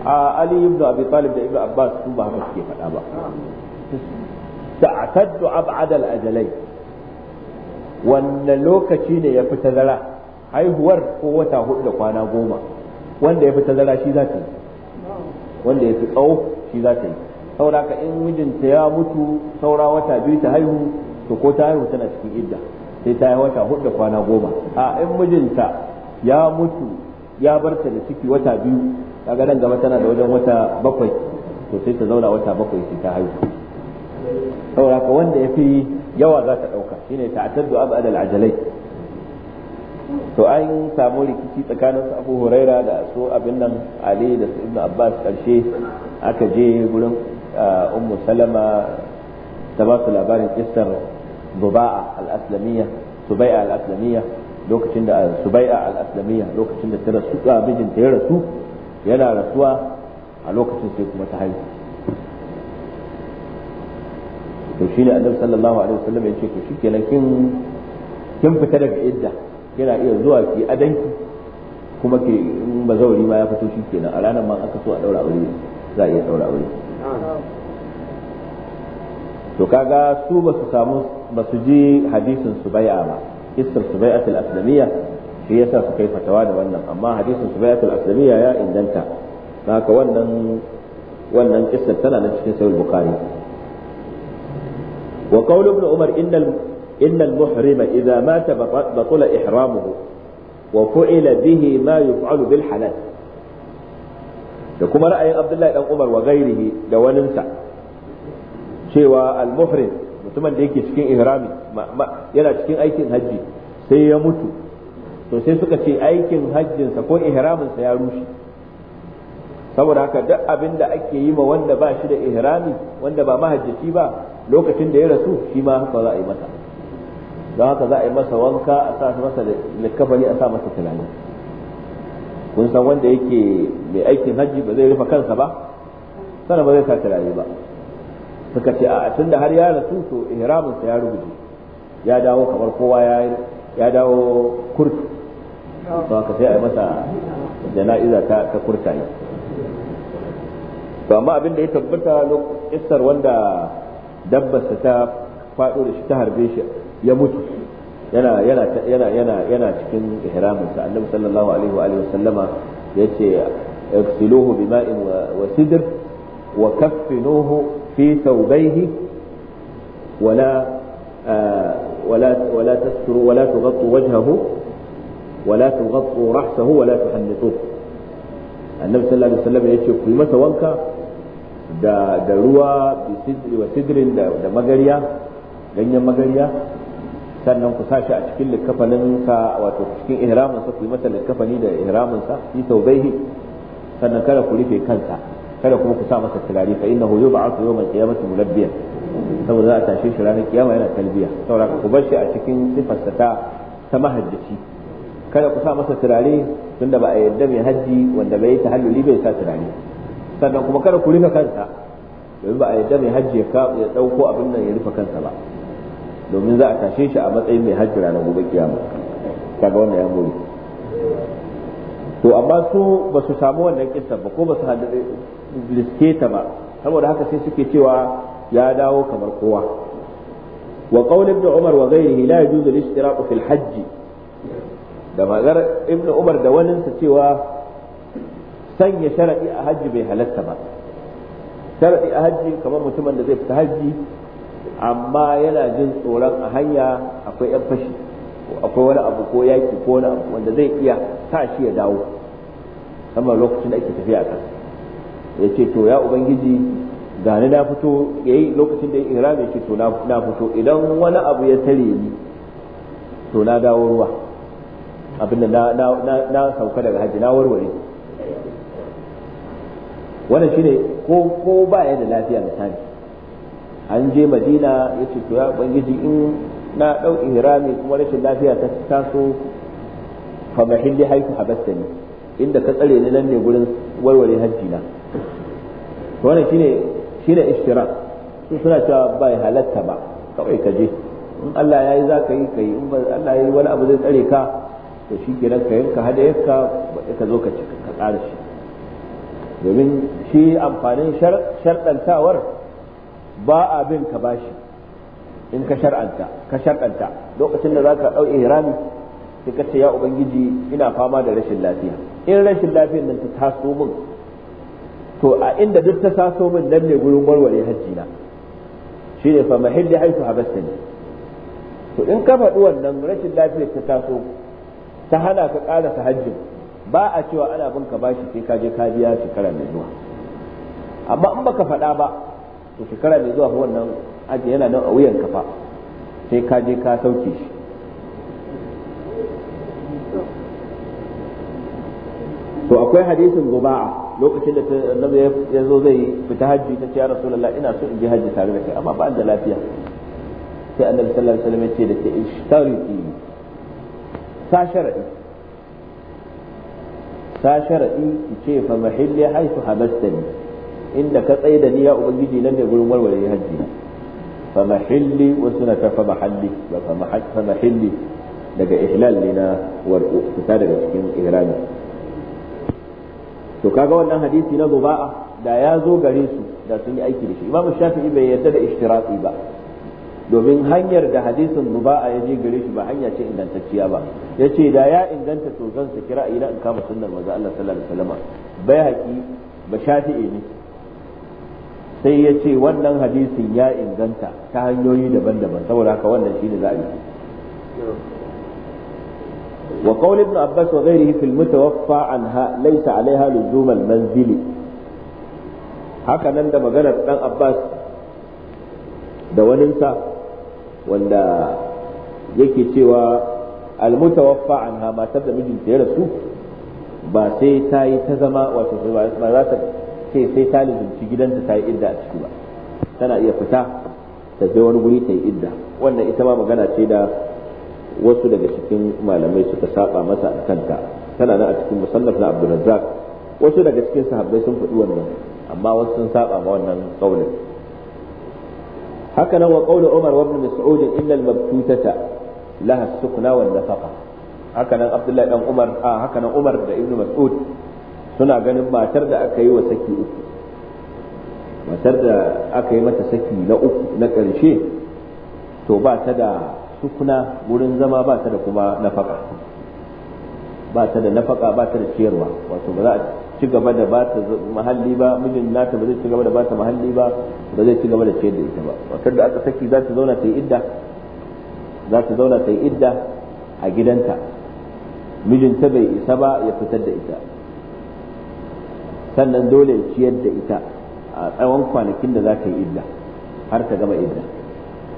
a ali ibn abi talib da ibn abbas su ba haka suke faɗa ba ta ta'taddu ab'ad al-ajalai wannan lokaci ne ya fi zara haihuwar ko wata hudu da kwana goma wanda ya fi zara shi za ta yi wanda ya fi tsawo shi za ta yi saura ka in mijinta ya mutu saura wata biyu ta haihu to ko ta haihu tana cikin idda sai ta yi wata hudu kwana goma a in mijinta ya mutu ya bar ta da ciki wata biyu kaga nan gaba tana da wajen wata bakwai to sai ta zauna wata bakwai sai ta haihu saboda ka wanda ya fi yawa za ta ɗauka shine ta ataddu abad al-ajalai to an samu rikici tsakanin su Abu Huraira da su abin nan Ali da su Ibn Abbas karshe aka je gurin Ummu Salama ta ba su labarin kissar Zuba'a a aslamiyya Subai'a al-Aslamiyya lokacin da Subai'a eh, al-Aslamiyya lokacin da ta rasu da ah, mijinta ya rasu yana rasuwa a lokacin sai kuma ta haihu to shine Annabi sallallahu alaihi wasallam ya ce to shikenan kin kin fita daga idda kina iya zuwa a danki kuma ke in bazauri ma ya fito shikenan a ranar ma aka so a daura za a iya ɗaura aure to kaga su ba su samu ba su ji hadisin su bai'a ba isar su bai'atul aslamiyya shi yasa su kai fatawa da wannan amma hadisin su bai'atul aslamiyya ya inganta haka wannan wannan tana na cikin sahih bukhari wa qawl ibn umar innal innal muhrima idza mata batala ihramuhu wa fu'ila bihi ma yuf'alu bil halal da kuma ra'ayin abdullahi dan umar wa ghairihi da waninsa cewa al-muhrim mutumin da yake cikin ihrami yana cikin aikin hajji sai ya mutu to sai suka ce aikin hajjinsa ko ihraminsa ya rushe saboda haka duk abin da ake yi ma wanda ba shi da ihrami wanda ba mahajjaci ba lokacin da ya rasu shi ma haka za a yi masa don haka za a yi masa wanka a sa masa likafani a sa masa tunani kun san wanda yake mai aikin hajji ba zai rufe kansa ba sannan ba zai sa tunani ba suka ce a da har ya rasu to ihramin sa ya rubuce ya dawo kamar kowa ya ya dawo kurtu to aka sai a yi masa jana'iza ta ta kurtaye to amma abin da ya tabbata lokacin wanda dabbarsa ta faɗo da shi ta harbe shi ya mutu yana yana yana yana yana cikin ihramin sa annabi sallallahu alaihi wa alihi wasallama yace اغسلوه بماء وسدر وكفنوه في ثوبيه ولا آه، ولا ولا تستر ولا تغط وجهه ولا تغط رأسه ولا تحنطه النبي صلى الله عليه وسلم يشوف في مسا وانكا دا دا روا بسدر وسدر دا دا مغريا غنيا مغريا كان نمكو ساشا اشكل الكفن انسا واتشكين احرام انسا في مسا الكفن دا احرام انسا في ثوبيه كان نكالا كليفي كانسا kada kuma ku sa masa turare fa innahu yub'athu yawm al-qiyamati mulabbiyan saboda za a tashe shi ranar kiyama yana talbiya saboda ku bar shi a cikin sifarsa ta ta mahajjaci kada ku sa masa turare tunda ba a yarda mai haji wanda bai ta tahalluli bai sa turare sannan kuma kada ku rufe kansa domin ba a yarda mai haji ya dauko abin nan ya rufe kansa ba domin za a tashe shi a matsayin mai haji ranar gobe kiyama kaga wannan ya muri to amma su ba su samu wannan kissa ba ko ba su riske ta ba saboda haka sai suke cewa ya dawo kamar kowa wa qawl ibn umar wa ghayrihi la yajuzu al-ishtiraq fil hajj da magar ibn umar da waninsa cewa sanya sharadi a hajji bai halatta ba sharadi a hajji kamar mutumin da zai fita hajji amma yana jin tsoron a hanya akwai yan fashi akwai wani abu ko yaki ko wani abu wanda zai iya sa shi ya dawo amma lokacin da ake tafiya a ya ce to ya ubangiji ga ni na fito yayi lokacin da ya ihrami ya ce to na fito idan wani abu ya tare ni to na dawo ruwa abinda na na na sauka daga haji na warware wannan shine ko ko ba ya da lafiya misali an je madina ya ce to ya ubangiji in na dau ihrami kuma rashin lafiya ta taso fa mahilli haifu habastani inda ka tsare ni nan ne gurin warware hajji na wannan shine shine ishtira su suna cewa bai halatta ba kawai ka je in Allah ya yi za ka yi ka yi in Allah ya yi wani abu zai tsare ka to shi kenan ka yanka hadayarka ka zo ka cika ka tsara shi domin shi amfanin shardantawar ba abin ka bashi in ka shar'anta ka shar'anta lokacin da za ka ihrami sai ka ce ya ubangiji ina fama da rashin lafiya in rashin lafiyar nan ta taso min to a inda duk ta saso min nan ne gurin warware hajji na shi ne fa mahalli haitu habasani to in ka faɗi wannan rashin lafiyar ta taso ta hana ka ka hajji ba a cewa ana bin ka bashi sai ka je ka biya shekara mai zuwa amma in baka faɗa ba to shekara mai zuwa wannan aji yana nan a wuyan ka fa sai ka je ka sauke shi to akwai hadisin guba'a lokacin da annabi ya zo zai fita hajji ta ce ya rasulullah ina so in je hajji tare da kai amma ba da lafiya sai annabi sallallahu alaihi wasallam ya ce da ke ishtariti sa sharadi sa sharadi ki ce fa mahalli haythu habastani inda ka tsaye da ni ya ubangiji nan ne gurin warware hajji na fa mahalli wa sunata fa mahalli fa mahalli daga ihlal ne na warqu fita daga cikin ihrami to kaga wannan hadisi na zuba'a da ya zo gare su da sun yi aiki da shi imamu shafi'i bai yarda da ishtirati ba domin hanyar da hadisin zuba'a ya je gare shi ba hanya ce ingantacciya ba yace da ya inganta to zan saki ra'ayi na in kama sunnar manzo Allah sallallahu alaihi wasallam bai haƙi ba shafi'i ne sai ya ce wannan hadisin ya inganta ta hanyoyi daban-daban saboda haka wannan shine za a yi وقول ابن عباس وغيره في المتوفى عنها ليس عليها لزوم المنزل هكذا عندما قال ابن عباس da waninsa wanda yake cewa almutawaffa anha matar da mijinta ya rasu ba sai ta yi ta zama wato ba za ta ce sai ta lizinci gidanta ta yi idda a ciki ba tana iya fita ta je wani wuri ta yi idda wannan ita ma magana ce da wasu daga cikin malamai suka saba masa a kanta tana nan a cikin musallaf na Abdul Razzaq wasu daga cikin sahabbai sun faɗi wannan amma wasu sun saba ma wannan kaulin haka nan wa qaulu Umar ibn Mas'ud innal mabtutata laha sukna wal nafaqa haka nan Abdullahi dan Umar a haka nan Umar da Ibn Mas'ud suna ganin matar da aka yi wa saki uku matar da aka yi mata saki na uku na ƙarshe to ba ta da sukuna wurin zama ba ta da kuma nafaka ba ta da nafaka ba ta da ciyarwa wato ba za a ci gaba da ba ta mahalli ba mijin nata ba zai ci gaba da ba ta mahalli ba ba zai ci gaba da ciyar da ita ba wato da aka saki za ta zauna ta yi idda za ta zauna ta yi idda a gidanta mijinta bai isa ba ya fitar da ita sannan dole ya ciyar da ita a tsawon kwanakin da za ta yi idda har ta gama idda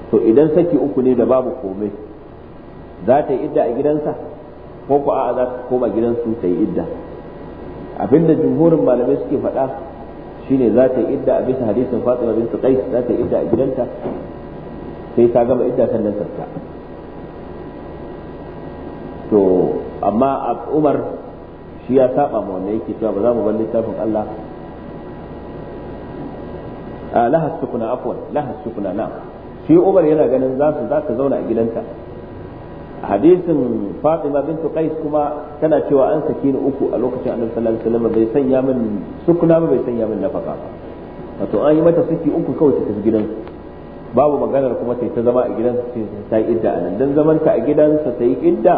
to idan saki uku ne da babu komai za ta yi idda a gidansa ko ku a'a za ta koma gidansu ta yi idda abinda jumhurin malamai suke faɗa shine za ta yi idda a bisa hadisin Fatima bintu Qais za ta yi idda a gidanta sai ta gama idda sannan sarka to amma Umar shi ya saba ma wanda yake cewa ba za mu bar littafin Allah ah, lahas sukuna afwan lahas sukuna na'am shi Umar yana ganin za su za ta zauna a gidanta hadisin Fatima bintu Qais kuma tana cewa an saki ni uku a lokacin Annabi sallallahu alaihi wasallam bai sanya min sukuna ba bai sanya min nafaka ba wato an yi mata saki uku kawai ta tafi gidansu babu maganar kuma sai ta zama a gidan sai ta yi idda anan dan zaman ta a gidansa ta yi idda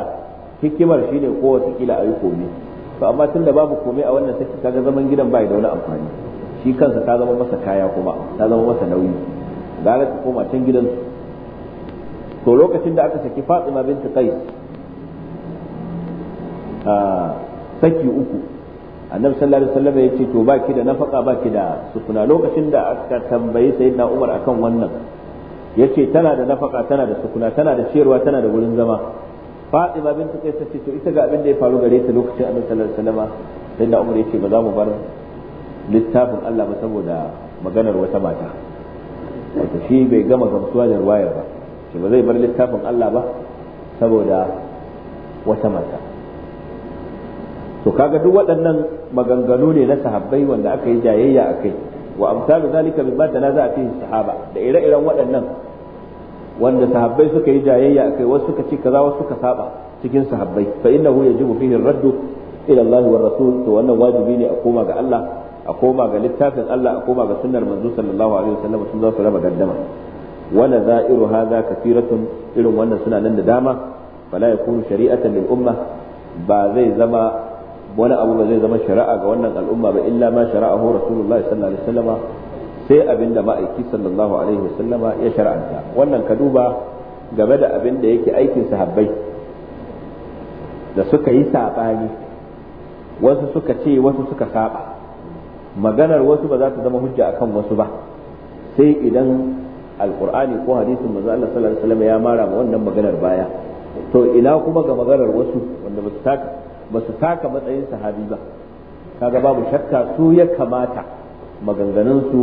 hikimar shine ko wata kila ayi komai to amma tunda babu komai a wannan saki kaga zaman gidan bai da wani amfani shi kansa ta zama masa kaya kuma ta zama masa nauyi gara ka koma can gidansu to lokacin da aka saki fatima binta qais a saki uku annabi sallallahu alaihi wasallam ya ce to baki da nafaka baki da sukuna lokacin da aka tambayi sayyidina umar akan wannan yace tana da nafaka tana da sukuna tana da ciyarwa tana da gurin zama fatima binta qais ta ce to ita ga abin da ya faru gare ta lokacin annabi sallallahu alaihi wasallam sayyidina umar yace ba za mu bar littafin Allah ba saboda maganar wata mata wato shi bai gama gamsuwa da ruwayar ba shi ba zai bar littafin Allah ba saboda wata mata to kaga duk waɗannan maganganu ne na sahabbai wanda aka yi jayayya a kai wa amsalu zalika za a fi sahaba da ire-iren waɗannan wanda sahabbai suka yi jayayya a kai wasu suka ci kaza wasu suka saba cikin sahabbai fa innahu yajibu fihi ar-raddu ila Allah wa rasul to wannan wajibi ne a koma ga Allah a koma ga littafin Allah a koma ga sunnar manzo sallallahu alaihi wasallam sun za su raba gaddama wala za'iru hadha kathiratun irin wannan suna nan da dama fala yakunu shari'atan lil umma ba zai zama wani abu ba zai zama shari'a ga wannan al'umma ba illa ma shara'ahu rasulullahi sallallahu alaihi wasallama sai abinda ma'aiki sallallahu alaihi wasallama ya shar'anta wannan ka duba game da abin da yake aikin sahabbai da suka yi sabani wasu suka ce wasu suka saba maganar wasu ba za ta zama hujja akan wasu ba sai idan alqur'ani ko hadisin manzo Allah sallallahu alaihi wasallam ya mara ma wannan maganar baya to ina kuma ga maganar wasu wanda basu taka basu taka matsayin sahabi ba kaga babu shakka su ya kamata maganganun su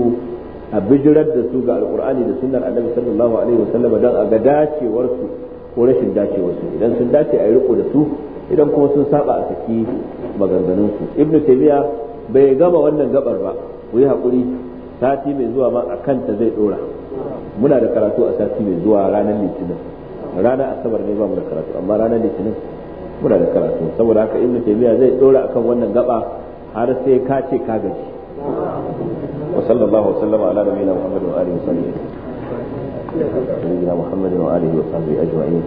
a bijirar da su ga alqur'ani da sunnar annabi sallallahu alaihi wasallam dan a ga dacewar su ko rashin dacewar su idan sun dace a yi riko da su idan kuma sun saba a saki maganganun su ibnu taymiya bai gama wannan gabar ba ku yi haƙuri sati mai zuwa ma a kanta zai ɗora muna da karatu a sati mai zuwa ranar litinin ranar asabar ne ba mu da karatu amma ranar litinin muna da karatu saboda haka ibnu taymiya zai ɗora akan wannan gaba har sai ka ce ka gaji wa sallallahu sallama ala nabiyina muhammadin wa alihi wa sahbihi sayyidina muhammadin wa alihi wa sahbihi ajma'in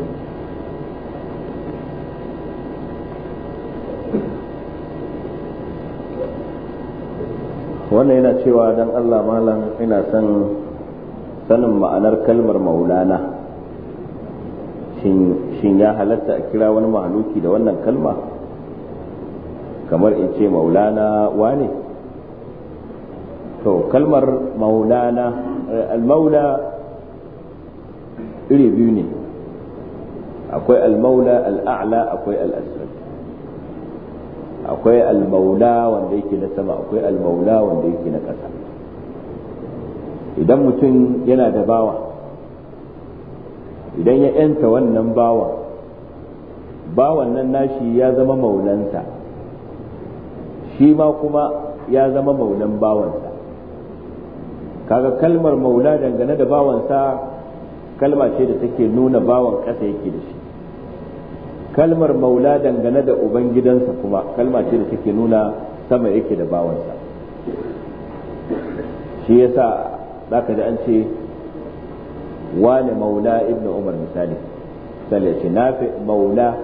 wannan yana cewa dan Allah malam ina son sanin ma'anar kalmar maulana shin ya halatta a kira wani mahaluki da wannan kalma kamar in ce maulana wane to kalmar maulana eh, almaula iri biyu ne akwai almaula al'a'la akwai al'asfal akwai almaula wanda yake na sama akwai almaula wanda yake na ƙasa idan mutum yana da bawa idan ya yanta wannan bawa bawan nan nashi ya zama maulansa shi ma kuma ya zama maulan bawansa kaga kalmar maula dangane da bawansa kalma ce da take nuna bawan ƙasa yake da shi kalmar maula dangane da ubangidansa kuma kalma ce da take nuna sama yake da bawansa shi yasa zaka ji an ce wani maula ibn umar misali misali ce nafi maula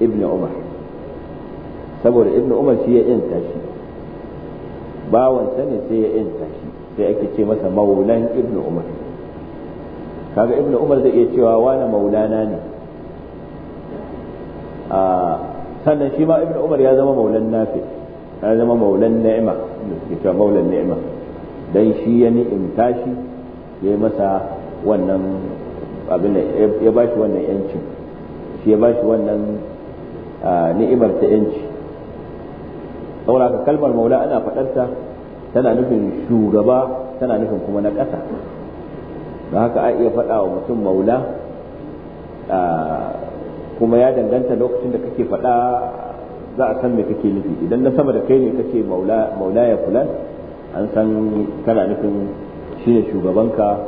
ibn umar saboda ibn umar shi ya yanta shi bawansa ne sai ya yanta shi sai ake ce masa maulan ibn umar kaga ibn umar zai iya cewa wani maulana ne sannan shi ma Ibn umar ya zama maulan nafi ya zama maulan ni'ima ita maulan ni'ima dan shi ya ni'imta shi ya yi masa wannan abin ya ba shi wannan yanci shi ya ba shi wannan ni'imar ta yanci saboda ka kalmar maula ana faɗarta tana nufin shugaba tana nufin kuma na ƙasa don haka a iya faɗa wa mutum maula kuma ya danganta lokacin da kake faɗa za a san me kake nufi idan na sama da kai ne kace maula maula ya fulan an san kana nufin shine shugabanka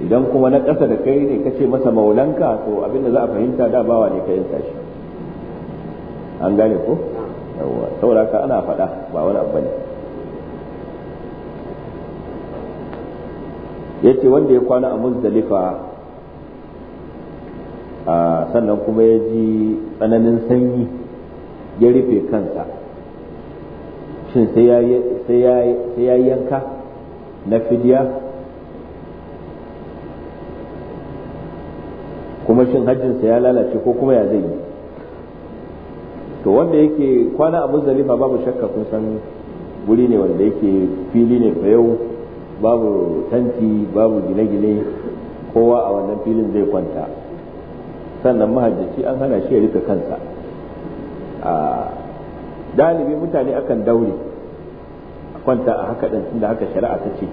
idan kuma na ƙasa da kai ne kace masa maulanka to abinda za a fahimta da bawa ne ka yanta shi an gane ko yawa saboda ka ana faɗa ba wani abu ne yace wanda ya kwana a muzdalifa sannan kuma ya ji tsananin sanyi ya rufe kansa shin sai ya yanka na fidya kuma shin hajjinsa ya lalace ko kuma ya zai yi to wanda yake kwana a zalifa babu shakka kun san wuri ne wanda yake fili ne yau babu tanti babu gine-gine kowa a wannan filin zai kwanta sannan mahajjaci an hana shi ya rufe kansa dalibi mutane akan daure a kwanta a haka ɗin tunda haka shari'a ta ce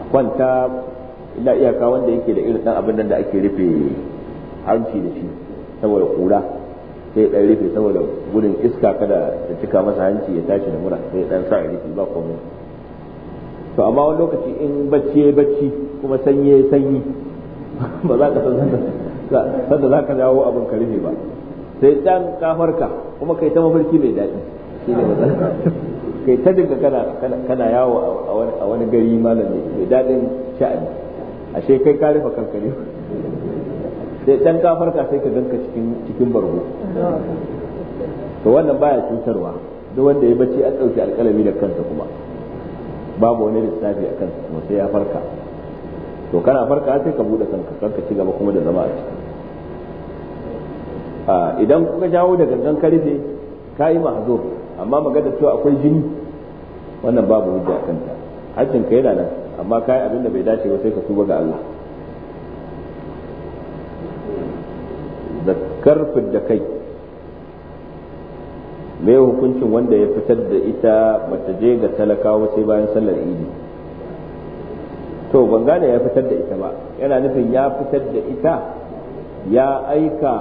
a kwanta ina iyaka wanda yake da irin ɗan abin nan da ake rufe hanci da shi saboda kura sai ɗan rufe saboda gudun iska kada da cika masa hanci ya tashi da mura sai ɗan sa rufe ba komai to amma wani lokaci in bacci ya bacci kuma sanyi ya sanyi ba za ka san sanda za ka jawo abin ka rufe ba sai dan kafarka kuma kai ta mafarki mai daɗi kai ta dinga kana yawo a wani gari malami mai daɗin sha'ani ashe kai ka rufe kanka ne sai dan kafarka sai ka ganka cikin cikin bargo to wannan baya cutarwa duk wanda ya bacci an ɗauki alƙalami da kansa kuma babu wani lissafi a kansa kuma sai ya farka to kana farka sai ka bude kanka kar ka ci gaba kuma da zama a ciki idan kuka jawo da gangan karfe ka yi mahzur amma magana cewa akwai jini wannan babu hujja kanta hajjin ka yana nan amma ka abin da bai dace ba sai ka tuba ga Allah zakar da kai mai hukuncin wanda ya fitar da ita bata je ga talakawa sai bayan sallar idi to ban gane ya fitar da ita ba yana nufin ya fitar da ita ya aika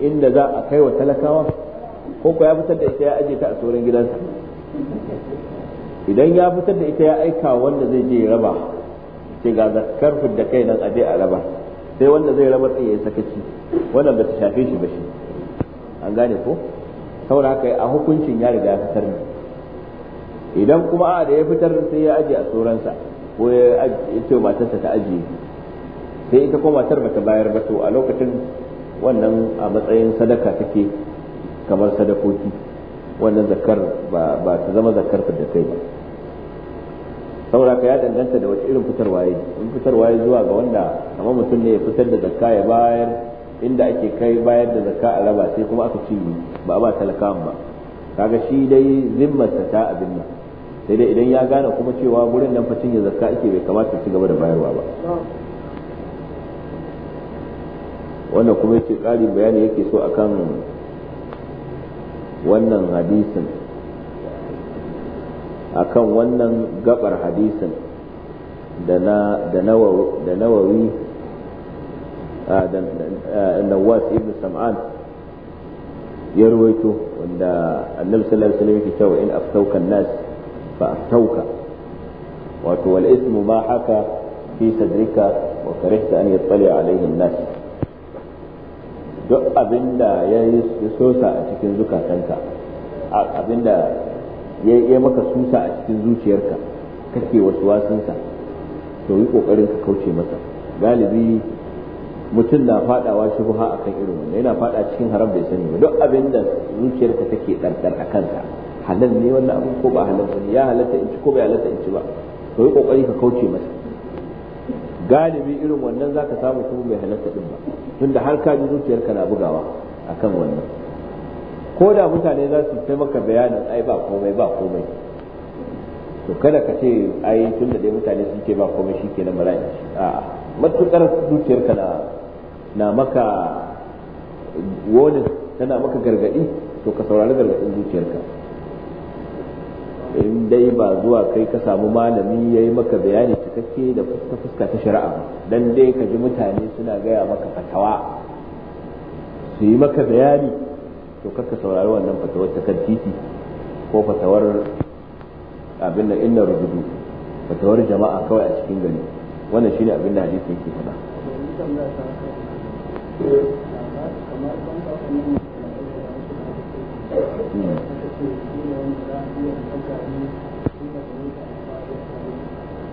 inda za a kai wa talakawa ko ko ya fitar da ita ya aje ta a tsoron gidansa idan ya fitar da ita ya aika wanda zai je raba ce ga zakar da kai nan aje a raba sai wanda zai raba tsaye ya sakaci wannan ba ta shafe shi ba shi an gane ko saboda haka a hukuncin ya riga ya fitar ne idan kuma a da ya fitar sai ya aje a tsoronsa ko ya ce matarsa ta ajiye sai ita ko matar bata bayar ba to a lokacin wannan a matsayin sadaka take kamar sadakoki wannan zakar ba ta zama zakar da kai ba saboda ka ya danganta da wace irin fitarwa ya in fitarwa ya zuwa ga wanda kamar mutum ne ya fitar da zakka ya bayar inda ake kai bayar da zakka a raba sai kuma aka cinye ba a ba talakawan ba kaga shi dai zimmarsa ta abin nan sai dai idan ya gane kuma cewa gurin nan facin ya zakka ake bai kamata ci gaba da bayarwa ba wannan kuma yake ƙarin bayani yake so akan wannan hadisin akan wannan gabar hadisin da nawawi da nawas ibn sam'an ya ruwaito wanda annabi sallallahu alaihi wasallam yake cewa in aftaukan nas فأفتوك والإثم ما حكى في صدرك وكرهت أن يطلع عليه الناس duk abin da ya yi sosa a cikin zukatanka abin da ya yi maka susa a cikin zuciyarka kake wasu wasansa to yi kokarin ka kauce masa galibi mutum na fadawa shi buha akan irin wannan yana fada cikin haram bai sani ba duk abin da zuciyarka take ɗarɗar a kansa halal ne wannan abu ko ba halal ne ya halatta in ci ko bai halatta in ci ba to yi kokari ka kauce masa galibi irin wannan zaka samu kuma bai halatta din ba tunda har ka ji zuciyarka na bugawa akan wannan ko da mutane za su sai maka bayanin ai ba komai ba komai to kada ka ce ai tunda dai mutane su ce ba komai ke na za a matukar zuciyarka na na maka wani tana maka gargadi to ka saurari gargadin zuciyarka in dai ba zuwa kai ka samu malami ya yi maka bayani cikakke da ta fuska ta shari'a dan dai ka ji mutane suna gaya maka fatawa su yi maka bayani to karka saurari wannan fatawar ta kan titi ko fatawar abin da inna rubutu fatawar jama'a kawai a cikin gari wannan shine abin da hadisi yake faɗa kamar hmm.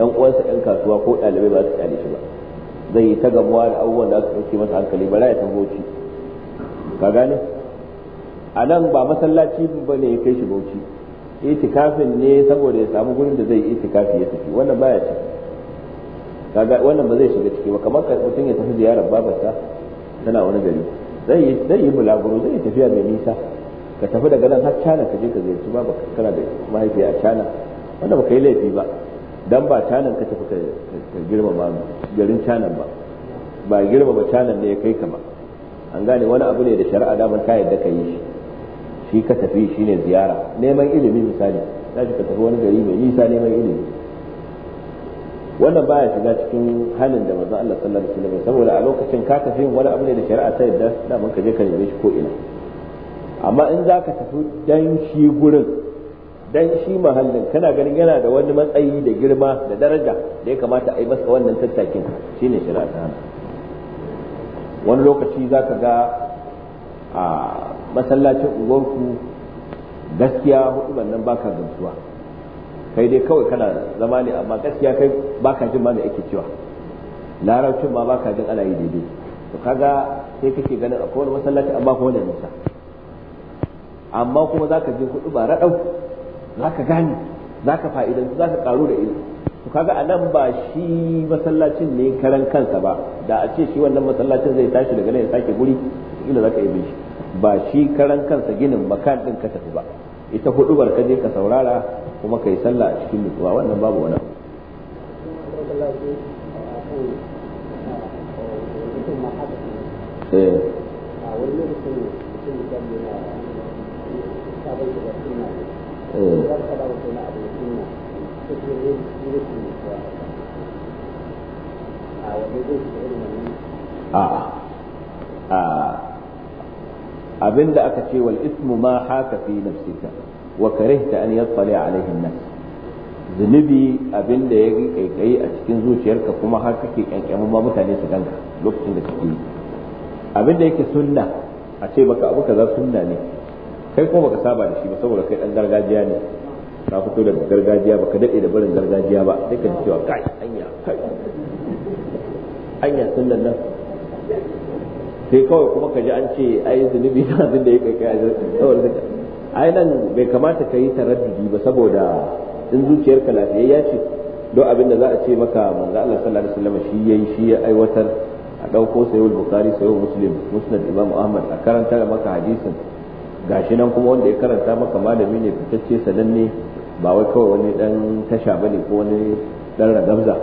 yan uwansa yan kasuwa ko ɗalibai ba su kyale shi ba zai yi ta gamuwa da abubuwan da su ɗauke masa hankali ba ya san bauchi ka gane a nan ba masallaci ba ne ya kai shi bauchi itikafin ne saboda ya samu gurin da zai itikafi ya tafi wannan baya ci kaga wannan ba zai shiga ciki ba kamar mutum ya tafi ziyarar babarsa tana wani gari zai yi zai yi bulaguro zai tafiya mai nisa ka tafi daga nan har cana ka je ka ziyarci babarka kana da mahaifiya a cana wanda ka yi laifi ba dan ba canan ka tafi ka girmama garin canan ba ba girmama canan ne ya kai ka ba an gane wani abu ne da shari'a damar ka yadda ka yi shi shi ka tafi shi ne ziyara neman ilimi misali za ka tafi wani gari mai nisa neman ilimi wannan baya shiga cikin halin da manzon Allah sallallahu alaihi wasallam saboda a lokacin ka tafi wani abu ne da shari'a ta yadda daman ka je ka nemi shi ko ina amma in za ka tafi dan shi gurin dan shi mahallin kana ganin yana da wani matsayi da girma da daraja da ya kamata a yi masa wannan tattakin shine shari'a ta wani lokaci za ka ga a masallacin unguwarku gaskiya hudu nan baka gamsuwa kai dai kawai kana zama ne amma gaskiya kai baka jin ma da yake cewa larabcin ma baka jin ana yi daidai to kaga sai kake ganin akwai wani masallaci amma kuma da nisa amma kuma zaka je hudu ba raɗau za ka gane za ka fa'idan za ka karu da ilimi to kaga a nan ba shi masallacin ne karan kansa ba da a ce shi wannan masallacin zai tashi daga nan ya sake guri inda za ka yi shi ba shi karan kansa ginin makan din ka tafi ba ita bar ka je ka saurara kuma ka yi sallah a cikin nutsuwa wannan babu wani eh إيه. آه. آه. abinda aka ce wal ismu ma haka fi nafsika wa karihta an yattali alaihi nas zunubi abinda ya kaikayi a cikin zuciyarka kuma har kake kyankyamin ma mutane su ganka lokacin da kake yi abinda yake sunna a ce baka abu kaza sunna ne kai ko baka saba da shi ba saboda kai dan gargajiya ne ka fito daga gargajiya baka dade da barin gargajiya ba sai ka ji cewa kai anya kai anya sunan nan sai kawai kuma ka ji an ce ai zunubi na abin da ya kai kai saboda ai nan bai kamata ka yi taraddudi ba saboda in zuciyarka lafiyayya ce don abin da za a ce maka manzo Allah sallallahu alaihi wasallam shi yayi shi ya aiwatar a dauko sayyid bukhari sayyid muslim musnad imam ahmad a karanta maka hadisin gashi nan kuma wanda ya karanta maka malami ne fitacce sananne ba wai kawai wani dan tasha bane ko wani dan ragamza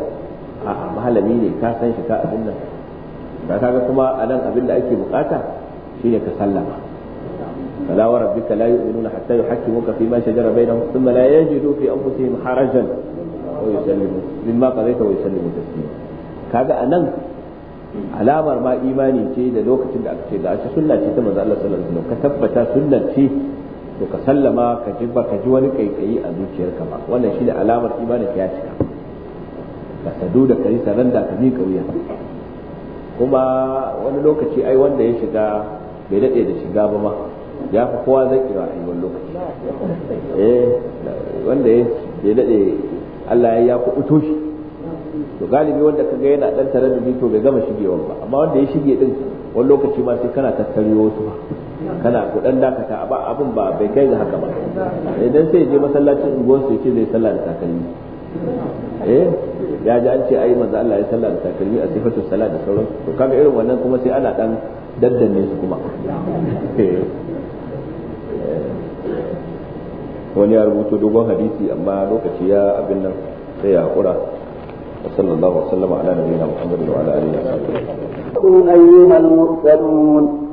a malami ne ka san shi ka abin nan ga kaga kuma a nan abin da ake bukata shine ka sallama فلا وربك لا يؤمنون حتى يحكموك فيما شجر بينهم ثم لا يجدوا في انفسهم حرجا ويسلموا مما قضيت ويسلموا تسليما كذا انا alamar ma imani ce da lokacin da aka ce ga shi sunna ce ta manzo Allah sallallahu alaihi wasallam ka tabbata sunna ce to ka sallama ka ji ba ka ji wani kaikayi a zuciyarka ba wannan shine alamar imani ta ya cika ka sadu da kai saranda ka miƙa wuya kuma wani lokaci ai wanda ya shiga bai daɗe da shiga ba ma ya fi kowa zai kira a wani lokaci eh wanda ya daɗe Allah ya ya ku shi to galibi wanda ka ga yana dan ni to bai gama shigewa ba amma wanda ya shige din wani lokaci ma sai kana tattariyo wasu ba kana ku dan dakata ba abin ba bai kai ga haka ba idan sai je masallacin unguwar su yake zai sallah da takalmi eh ya ji an ce ai manzo Allah ya sallah da takalmi a sifatu salat da sauran to kaga irin wannan kuma sai ana dan daddane su kuma eh. wani ya rubuto dogon hadisi amma lokaci ya abin nan sai ya hakura وصلى الله وسلم على نبينا محمد وعلى اله وصحبه ايها المرسلون